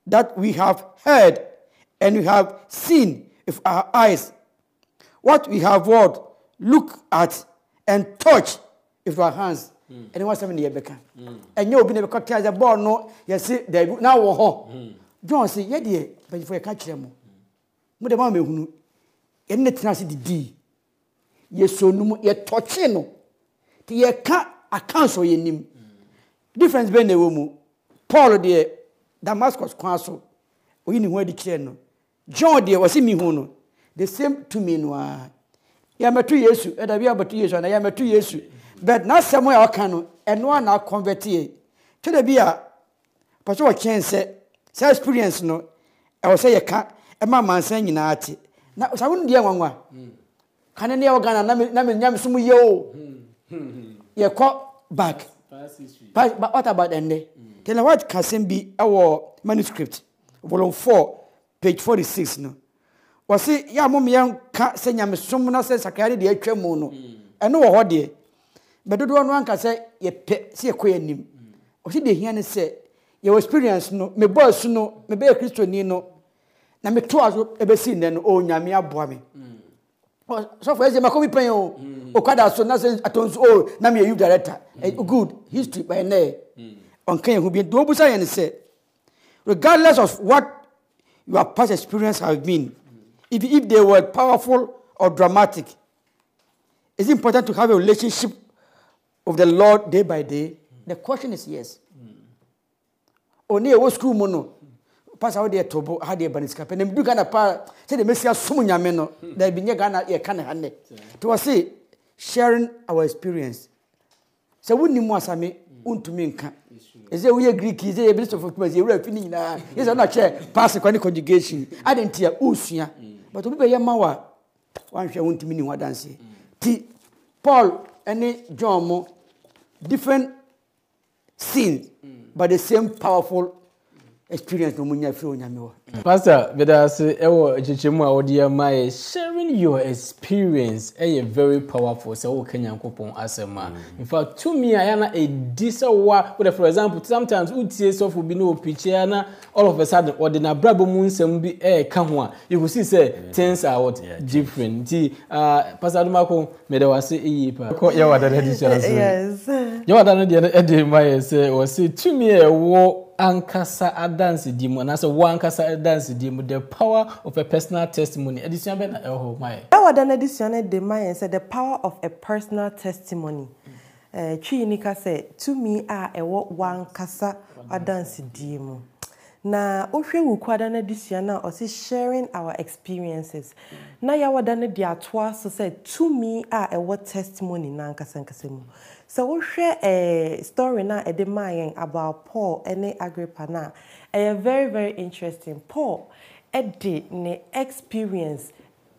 that we have heard and we have seen with our eyes what we have what look at and touch If our hands, ifra hans ɛne wasɛm ne yɛbɛka ɛnyɛ obi na bɛka kaa sɛ bɔɔl no yɛse daabi na wɔ hɔ john se yɛdeɛ mpanyinfoɔ yɛka kyerɛ mo mo de ma mehunu yɛne ne tena ase didii yɛsɔ no mu yɛtɔkye no nti yɛka akanso yɛ nim difference bɛn na ɛwɔ mu paul deɛ damascus kwan so oyi ne ho adi kyerɛ no john deɛ wɔsi mi ho no the same tumi no ara ah. yɛmɛto yesu ɛdabi abɛto yesu ana yɛmɛto yesu but n'asɛm a ɔka no ɛnoa na akɔnvɛtie twɛdɛ bi a pɔtɔ wɔ kyɛn sɛ saa experience no ɛwɔ sɛ yɛka ɛma amansan nyinaa te na saa wɔn deɛ nwanwa kane ne yɛwɔ ghana na mɛ nyame so mu yie o yɛkɔ back but what about ɛnɛ tɛnɛ wɔt kasɛm bi ɛwɔ manuscript volume four page forty six no wɔsi yɛ a mo mìíràn ka sɛ nyamesom na sɛ sakayade deɛ atwa mu no ɛno wɔ hɔ deɛ bɛdodoɔ no ankasa yɛpɛ sɛ yɛkɔ anim ɔhyɛ deɛ hia ne sɛ yɛwɔ experience no mebɔ asu no mebɛyɛ kristoni no na metoa so bɛsi nnɛ no ɔnyame oh, aboa me sɔfo ɛsɛ makɔ mipɛn o ɔkwada mm. so na sɛ atɔ nso o oh, na mi meyɛ you director mm. eh, good history by nɛ mm. ɔnka yɛ ho bi deɛ ɔbusa yɛ ne sɛ regardless of what your past experience have been if, if they were powerful or dramatic it's important to have a relationship of the Lord day by day? The question is yes. Oni what school mono? no. Pastor wo de tobo ha de banisika And Nem du Ghana pa se the Messiah sum nyame They Da bi nye Ghana ye ka ne hane. To say sharing our experience. Sɛ wonni mu asame wontumi nka. Ɛsɛ woyɛ Greek, ɛsɛ yɛ Minister of Commerce, yɛwura fi ne nyinaa. Yɛsɛ na kyerɛ pass kwa ne conjugation. Ade ntia wosua. But obi bɛyɛ ma wa wanhwɛ wontumi ni ho adanseɛ. Ti Paul ne John mo different sins, mm. but the same powerful experience na ɔmo nya firi onyame hɔ. Mm. pastor bɛda ase ɛwɔ akyekyeremu a wɔde ɛma yɛ sharing your experience ɛyɛ very powerful sɛ wɔwɔ kenya nkopɔn asɛm a mm. nfa tumi a yana edi sɛ wɔa wɔde for example sometimes wotie sɔfo bi na opikyia na all of a sudden wɔde n'abrabɔ mu nsɛm bi ɛɛka ho a you go see sɛ things are what yeah, different nti uh, pastor adumako bɛda wase eyi pa. kɔ yɛ wada no ɛdi kyerɛ so yɛ wada no deɛ ɛdi ma yɛ sɛ wɔsi tumi a ɛwɔ ankasa adansedie mu anaasɛ wo ankasa adansedie mu the power of a personal testimony adesua bɛ na ɛwɔ hɔ ma yɛ. ɛwɔ dan adesua no de ma yɛn sɛ the power of a personal testimony ɛɛ twi yi ni ka sɛ tumi a ɛwɔ wankasa adansedie mu. Mm -hmm na wohwɛ wo kwada no adesua no a ɔse sharing our experiences na yɛawɔda no de atoa so sɛ me a ɛwɔ testimony no ankasankasa mu sɛ wohwɛ eh, story no a ɛde maa yɛn about paul ne agrippa no a ɛyɛ very very interesting paul ɛde ne experience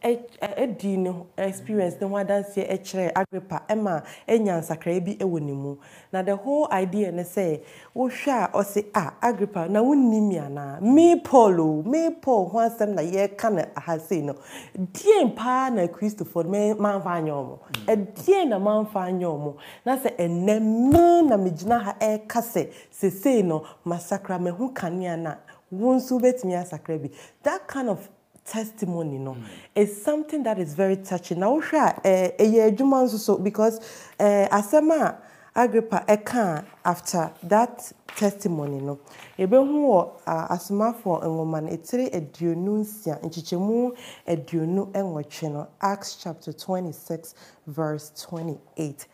ɛdi ne experience ne ho adanseɛ ɛkyerɛ agripa ɛma ɛnya nsakraa bi ɛwɔ ne mu na the whole idea ne sɛ wohwɛ a ɔsi a agripa na wonni mi anaa me paul o me paul ho asɛm na yɛka no aha sei no deɛn paa na kristofoɔ no manfa anyɛ ɔmo ɛdeɛn na manfa anyɛ ɔmo na sɛ ɛnɛ me na megyina ha ɛɛka sɛ sesei no masakra mahu kanea na wo nso wobɛtumi asakra bi that kind of testimony no mm. is something that is very touching. Now, wohwɛ a ɛyɛ adwuma nso so because eh, asema agripa Agrippa eh, after that testimony no yɛbɛhu wɔ asomafoɔ nwoma no ɛtiri eh, aduonu nsia nkyekyɛmu aduonu nwɔtwe no Acts chapter twenty six verse twenty eight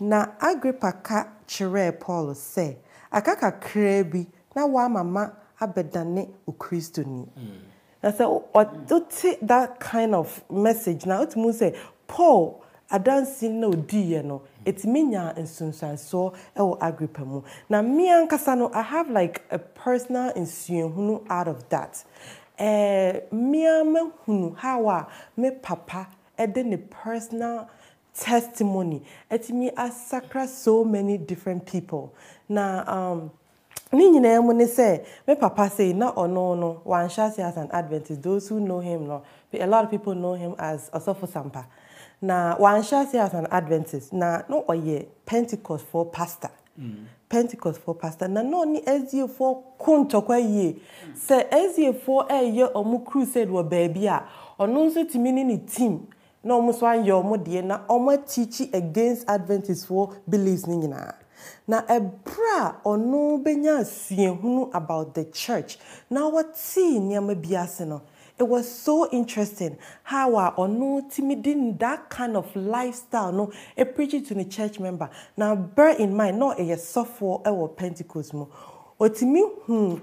na Agrippa ka chire Paul sɛ aka kakraa bi na wama ma abɛdane okristoni. Mm. ɛsɛ ɔte that kind of message now it ɔtumi say, paul I adansi na odi yɛ no etumi nya nsonsansoɔ ɛwɔ e agripa mu Now, me and Kasano, i have like a personal nsuohunu out of that ɛɛ mmea eh, mehunu how a me papa ɛde e ne personal testimony It's me. I asakra so many different people Now, Um, ne nyinaa mu ne sɛ me papa sei na ɔno no wanhyɛ ase as an adventist those who know him no a lot of people know him as ɔsɔfo sampa na wanhyɛ ase as an adventist na na ɔyɛ pentecost for pastor mm. pentecost for pastor na na ɔne aziefoɔ ko ntɔkwa yie sɛ aziefoɔ ɛreyɛ ɔmo crusade wɔ baabi a ɔno nso tumi ne ne team na ɔmo nso ayɛ ɔmo deɛ na ɔmo akyikyi against adventist for beliefs ne nyinaa na ɛberɛ a ɔno bɛnya asuahunu about the church na wɔtee nneɛma bi ase no it was so interesting how a ɔno timi di that kind of lifestyle no ɛpreachi to the church member na bear in mind na ɛyɛ sɔfoɔ ɛwɔ pentecost mu ɔtumi huu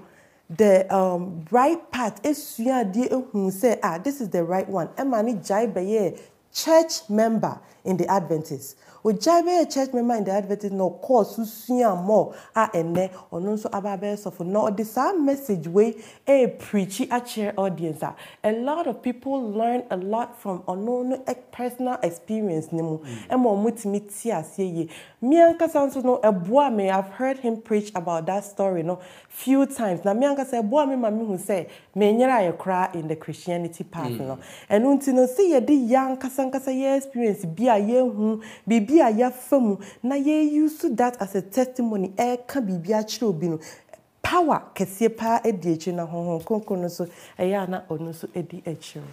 the um, right part esua adeɛ ehun sɛ ah this is the right one ɛma ne gyae bɛyɛ church member in the Adventist. Ogyabe a church member in the Adventist na ɔkɔɔ susua mɔ a ɛnɛ ɔno nso aba abɛyɛ sɔfo na ɔde saa message wei ɛɛpreachi akyerɛ audience a a lot of people learn a lot from ɔno no e personal experience ne mu ɛma mm. ɔmo e tumi ti aseɛ yie mi ankasa nso no ɛboa e me I've heard him preach about that story no few times na mi ankasa ɛboa me ma mi hu sɛ menyere ayɛ koraa in the Christianity path mm. no ɛnu nti no si yɛde yɛ ankasa ankasa yɛ experience bi a a yɛhu biribi a yɛafa mu na yɛuse that as a testimony ɛreka biribi akyerɛ obi no power kɛseɛ paa di akyire na honhom kronkron no so ɛyɛ a na ɔno nso di akyire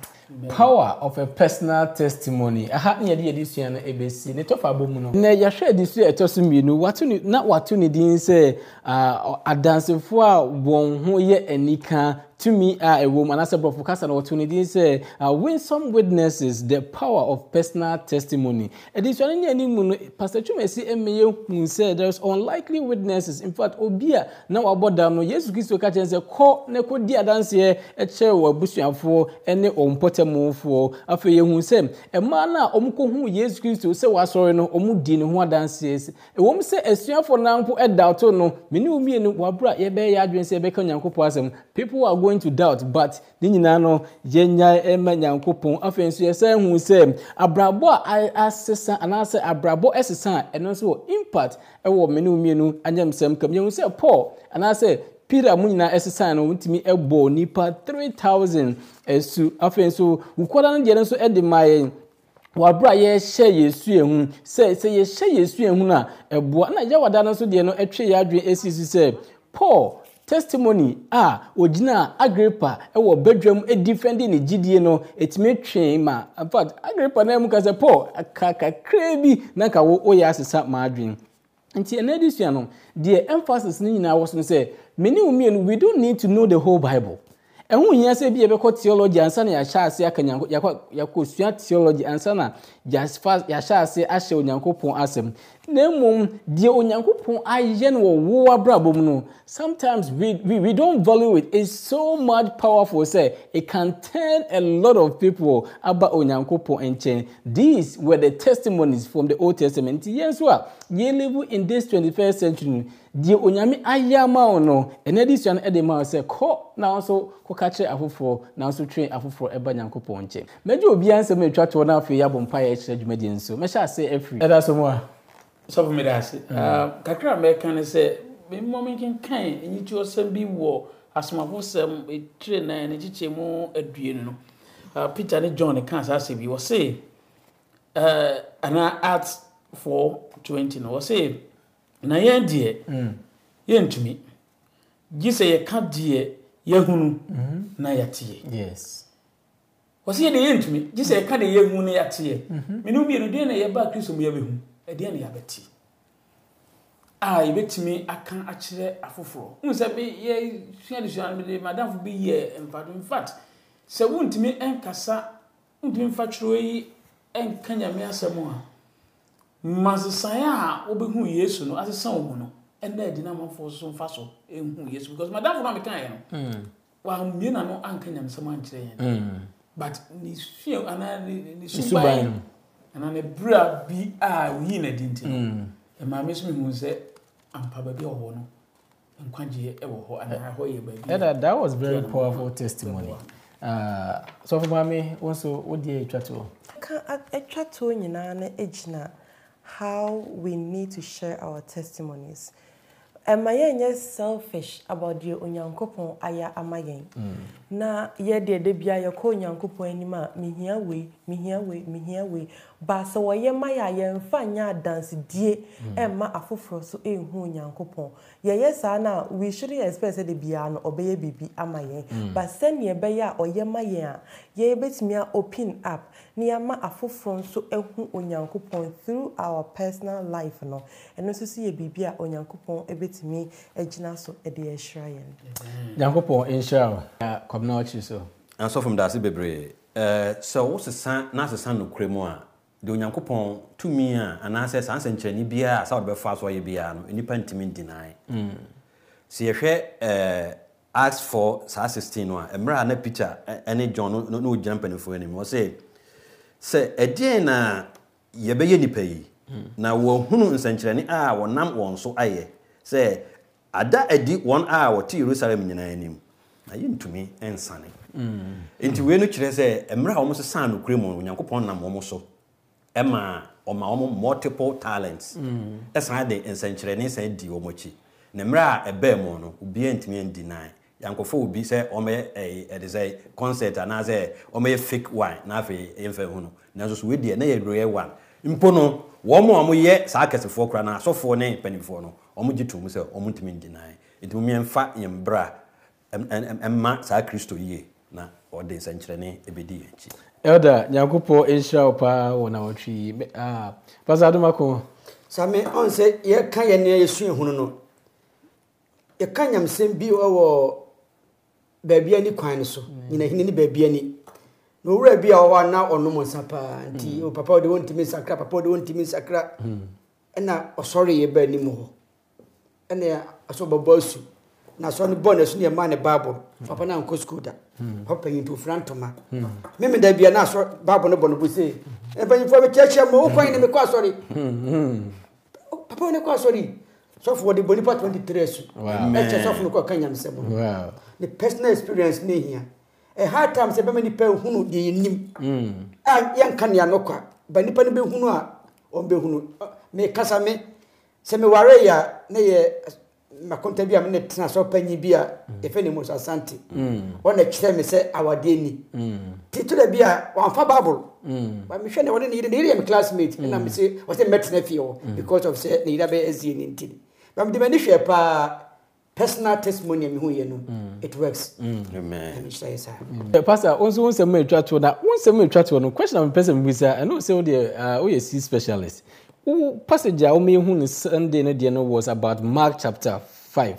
power of a personal testimony aha ne yɛde yɛde sua no ɛbɛsi ne tɔfa abɔ mu no na yɛhwɛ adi so ɛtɔ so mmienu wato ne na wato ne din sɛ adansefoɔ a wɔn ho yɛ anika tumi a ɛwɔ mu anaasɛ borɔfo kasa na wɔto ne din sɛ winsome witnesses the power of personal testimony adesua no ne ani mu no pastor twumasi ɛmɛ yɛ hu sɛ there is unlikely witnesses in fact obi a na wabɔ dam no yesu kristo ka kyerɛ sɛ kɔ ne kɔ di adanseɛ ɛkyerɛ wɔ abusuafoɔ ɛne ɔmpɔtɛ ɔkyɛmufoɔ afei yɛhu sɛ mmaa no a wɔn kɔ hu yesu kristo sɛ wasɔre no wɔn di ne ho adanseɛ ɛwɔm sɛ asuafoɔ nan po ɛdawto no mene wo mmienu wɔabra yɛbɛyɛ adwene sɛ yɛbɛka po asɛm people are going to doubt but ne nyinaa no yɛnya ɛma nyankopɔn afei nso yɛsan hu sɛ abrabɔ a asesa anaasɛ abrabɔ ɛsesa a ɛno nso wɔ impact ɛwɔ mene wo mmienu anyamsɛm kam yɛhu sɛ paul anaasɛ peter mu nyinaa ɛsesan no wotumi ɛbɔ nipa three thousand ɛsu afei nso nkwadaa no deɛ nso ɛde maa yɛn wabra yɛhyɛ yesu ehu sɛ sɛ yɛhyɛ yesu ehu na ɛboa na yawada no nso deɛ no ɛtwe yɛ adwene esi so sɛ paul testimony a ogyina agripa ɛwɔ bedwam edifɛndi ne gyidie no etumi twɛn ma in fact agripa na ɛmu kasa paul kakakraa bi na nka wo oyɛ asesa maa adwene nti ɛnna ɛdi sua no deɛ emphasis ne nyinaa wɔ so no sɛ mene wo mmienu we don't need to know the whole bible ɛho hia sɛ bi yɛbɛkɔ theology ansa na yɛahyɛ ase aka yɛakɔ sua theology ansa na yɛahyɛ ase ahyɛ onyankopɔn asɛm na mmom deɛ onyankopɔn ayɛ no wɔ wo abrabɔ mu no sometimes we, we we don't value it it's so much powerful sɛ it can turn a lot of people aba onyankopɔn nkyɛn these were the testimonies from the old testament nti yɛn nso a yɛn live in this 21st century no deɛ onyame ayɛ ama wo no ɛnɛ de sua no ɛde ma wo sɛ kɔ na nso kɔka kyerɛ afoforɔ na nso twe afoforɔ ɛba nyankopɔn nkyɛn mɛgye obiara nsɛm a etwa toɔ na afei yɛ abɔ mpa yɛ kyerɛ dwumadie nso mɛhyɛ ase afiri ɛda so mu a sɔfo mi da mm. ase ah, kakra mɛka ne sɛ mmom nkenkan enyitwo sɛm bi wɔ asomafo sɛm etire nan ne kyekyɛ mu aduonu no ah, peter ne john kan saa asɛm bi wɔse ɛɛ eh, ana art for twenty no wɔse na mm. mm-hmm. yɛn deɛ yɛntumi gye sɛ yɛka deɛ yɛhunu na yɛteɛ wɔse yɛ deɛ yɛntumi gye sɛ yɛka deɛ yɛhunu na yɛteɛ mene mm-hmm. mmienu deɛ na yɛba kristo mu yɛbɛhu ɛdeɛ ne yɛabɛte a yɛbɛtumi aka akyerɛ afoforɔ wohu sɛ yɛsua de sua mede madamfo bi yɛ mfado infact sɛ wontumi nkasa wontumi mfa twerɛ yi nka nyame asɛm a masesaeɛ a wobɛhu yesu no asesa wo mu no ɛna adi na so mfa so ɛhu yesu because madamfo no a mekaeɛ no hmm. wammie na no anka nyamesɛm ankyerɛ yɛn hmm. but ne sua anaa ne suban ɛna ne bra bi a oyi na di nti no mm. maame so mehu sɛ ampa baabi ɔwɔ no nkwagyeɛ ɛwɔ hɔ anaa eh, hɔ yɛ baabi ɛda that was very powerful testimony ah, sɔfo maame wo nso wodeɛ ɛtwa to? ka ɛtwa to nyinaa no gyina how we need to share our testimonies ɛma yɛnyɛ selfish about the onyankopɔn ayɛ ama yɛn mm. na yɛde ɛde bia yɛkɔ onyankopɔn anim a mehia wei mehia wei mehia wei ba sɛ wɔyɛ ma yɛ a yɛmfa nyɛ adansedie mm. ɛmma afoforɔ so ɛnhu onyankopɔn yɛyɛ saa no a we shouldn't expect sɛ de biara no ɔbɛyɛ biribi ama yɛn mm. but sɛneɛ ɛbɛyɛ a ɔyɛ ma yɛn a yɛbɛtumi a open up na yɛama afoforɔ nso ɛhu onyankopɔn through our personal life no ɛno nso so yɛ biribi a onyankopɔn ɛbɛtumi agyina so ɛde ɛhyira yɛn nyankopɔn nhyira wo ɔbɛn ɔkyi so. asɔfo mu daase bebree ɛɛ sɛ na n'asesa nokura mu a deɛ onyankopɔn tumi a anaasɛ saa nsɛnkyerɛnne biara a sáwɔ bɛfa so ɔyɛ biara no nipa ntumi deny. Mm. si yɛhwɛ ask for four saa sixteen no a mmerɛ a na peter ɛne john no na ogyina mpanimfoɔ anim wɔsɛ sɛ ɛdeɛn na yɛbɛyɛ nipa yi mm. na wɔhunu nsɛnkyerɛnne a wɔnam wɔn so ayɛ sɛ ada adi wɔn a wɔte yerusalem nyinaa anim na yɛntumi nsane nti wei no kyerɛ sɛ mmerɛ a wɔn sesa nokorɛ mu onyankopɔn nam wɔn so ma ɔma wɔn multiple talents mm. ɛsan de nsɛnkyerɛnne san di wɔn akyi na mmerɛ a ɛbɛɛ mu no obiara ntumi andi nan yankɔfo obi sɛ ɔmɛ ɛyɛ ɛde sɛ concert anaasɛ ɔmɛyɛ fake wine na afei yɛmfɛ ho no nanso so wedeɛ na yɛ real one mpo no wɔn a wɔyɛ saa akɛsefoɔ koraa na asɔfoɔ ne mpanimfoɔ no wɔn gye to mu sɛ wɔn ntumi andi nan nti wɔn mmiɛnfa yɛn mbrɛ ɛmma saa kristo yie na ɔde nsɛnkyerɛnne ɛbɛdi yɛn akyi elda nyankopɔn ɛnhyira wo paa wɔ nawɔtwe yi pasa adomako same ɔn sɛ yɛka yɛ nea yɛsua hunu no yɛka nyamsɛm bi wɔ baabia ni kwan no so mm. nyinahene ne baabia ni na owura bi a ɔwɔ na ɔnom nsa paa nti o mm. papa ɔde wɔntumi nsakra papa ɔde wɔntumi nsakra mm. ɛna ɔsɔre yɛ baa anim hɔ ɛna asɔ bɔbɔ asu na sɔ no bɔɔ nasu nneɛma ne baabo papa na no ankɔ sukuu da papa panyintofira ntoma meme da bia na asɔ baabo no bɔ bo se mpanyimfoɔ mekyiakyia mu wokwan ne mekɔ asɔre papa ne kɔ asɔre sɔfo wɔde bɔ nipa 23 so ɛkyɛ sɔfo no kɔka nyamesɛ mu ne personal experience ne hia ɛha tam sɛ bɛma nipa hunu deɛ yɛnim a yɛnka nea no kwa ba nipa no bɛhunu a ɔmbɛhunu mekasa me sɛ meware yɛ a ne yɛ makonta bi a mene tena sɛ ɔpanyin bi a mm. yɛfɛ ne musu asante mm. ɔna kyerɛ me sɛ awadeɛ ni mm. titula bi a wamfa bible mehwɛ ne wɔne ne yere ne yere yɛ me classmate ɛna me se ɔsɛ mɛtena fie hɔ because of sɛ ne yere bɛyɛ asie ne nti bam de m'ani hwɛ paa personal testimony mi hu yɛ no it works ɛmehyerɛ yɛ saa eh, pastor wo nso wo nsɛm a ɛtwa toɔ na wo nsɛm a ɛtwa toɔ no question a mepɛ sɛ mebisa o sɛ wodeɛ ah, woyɛ c specialist Pastor, a wɔmɛhu sunday no deɛ no was about mark chapter five,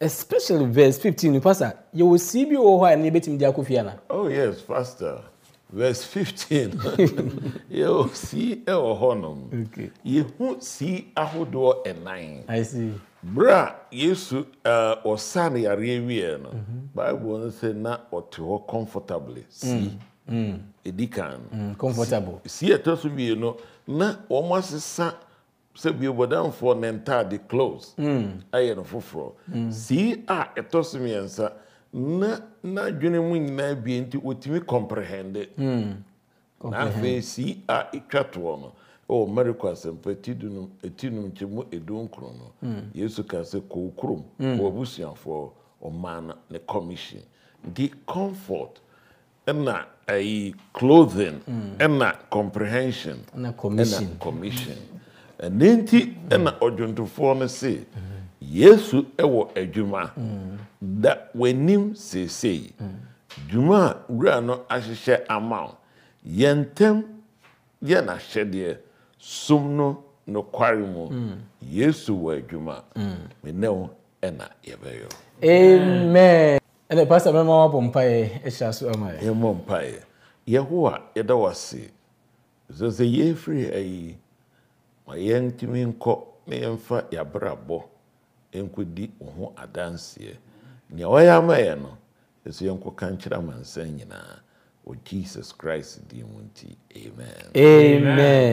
especially verse fifteen. 15 pasa yɛwɔ sii bi wɔ hɔ a ne yɛbɛtumi de akɔ fie ana oh yes Pastor, verse fifteen. 15 yɛwɔ sii ɛwɔ hɔ nom yɛhu sii ahodoɔ ɛnan see. Bra, yesu uh, ɔsa no yareɛ wieɛ no mhm. bible no sɛ na ɔte hɔ comfortably sii ɛdi mm, mm. kan no mm, si ɛtɔ so mmienu na wɔn asesa sɛbi ɔbɔdanfoɔ ne ntaade close ayɛ hmm. no foforɔ hmm. sii a ɛtɔ so mmiɛnsa na n'adwene mu nyinaa bie nti wɔtumi comprehende hmm. na afei sii a etwa toɔ no ɛwɔ oh, mmariko asɛmpa etinum etinum nkyɛn mu edu nkron no yesu ka sɛ kɔɔ kurom kɔɔ abusuafoɔ ɔmaa ne commission nti comfort. Mm ɛna ɛyi e clothing ɛna mm. comprehension ɛna commission ɛne nti ɛna mm. ɔdwontofoɔ no se yesu ɛwɔ adwuma mm. da w'anim seesei dwuma a wura no ahyehyɛ ama yɛn ntɛm yɛ n'ahyɛdeɛ som no nokware mu yesu wɔ adwuma me ne wo ɛna yɛbɛyɛ amen ɛnna pastor mɛma wabɔ mpaeɛ ɛhyɛ so ama yɛ. yɛn mɔ mpaeɛ yɛhowa yɛda wase sɛ yɛfiri ayi ma yɛntumi nkɔ na yɛmfa yɛabrabɔ nkɔdi wo ho adanseɛ nea wɔyɛ ama yɛ no ɛsɛ yɛnkɔka nkyerɛ amansan nyinaa wɔ jesus christ di mu nti amen amen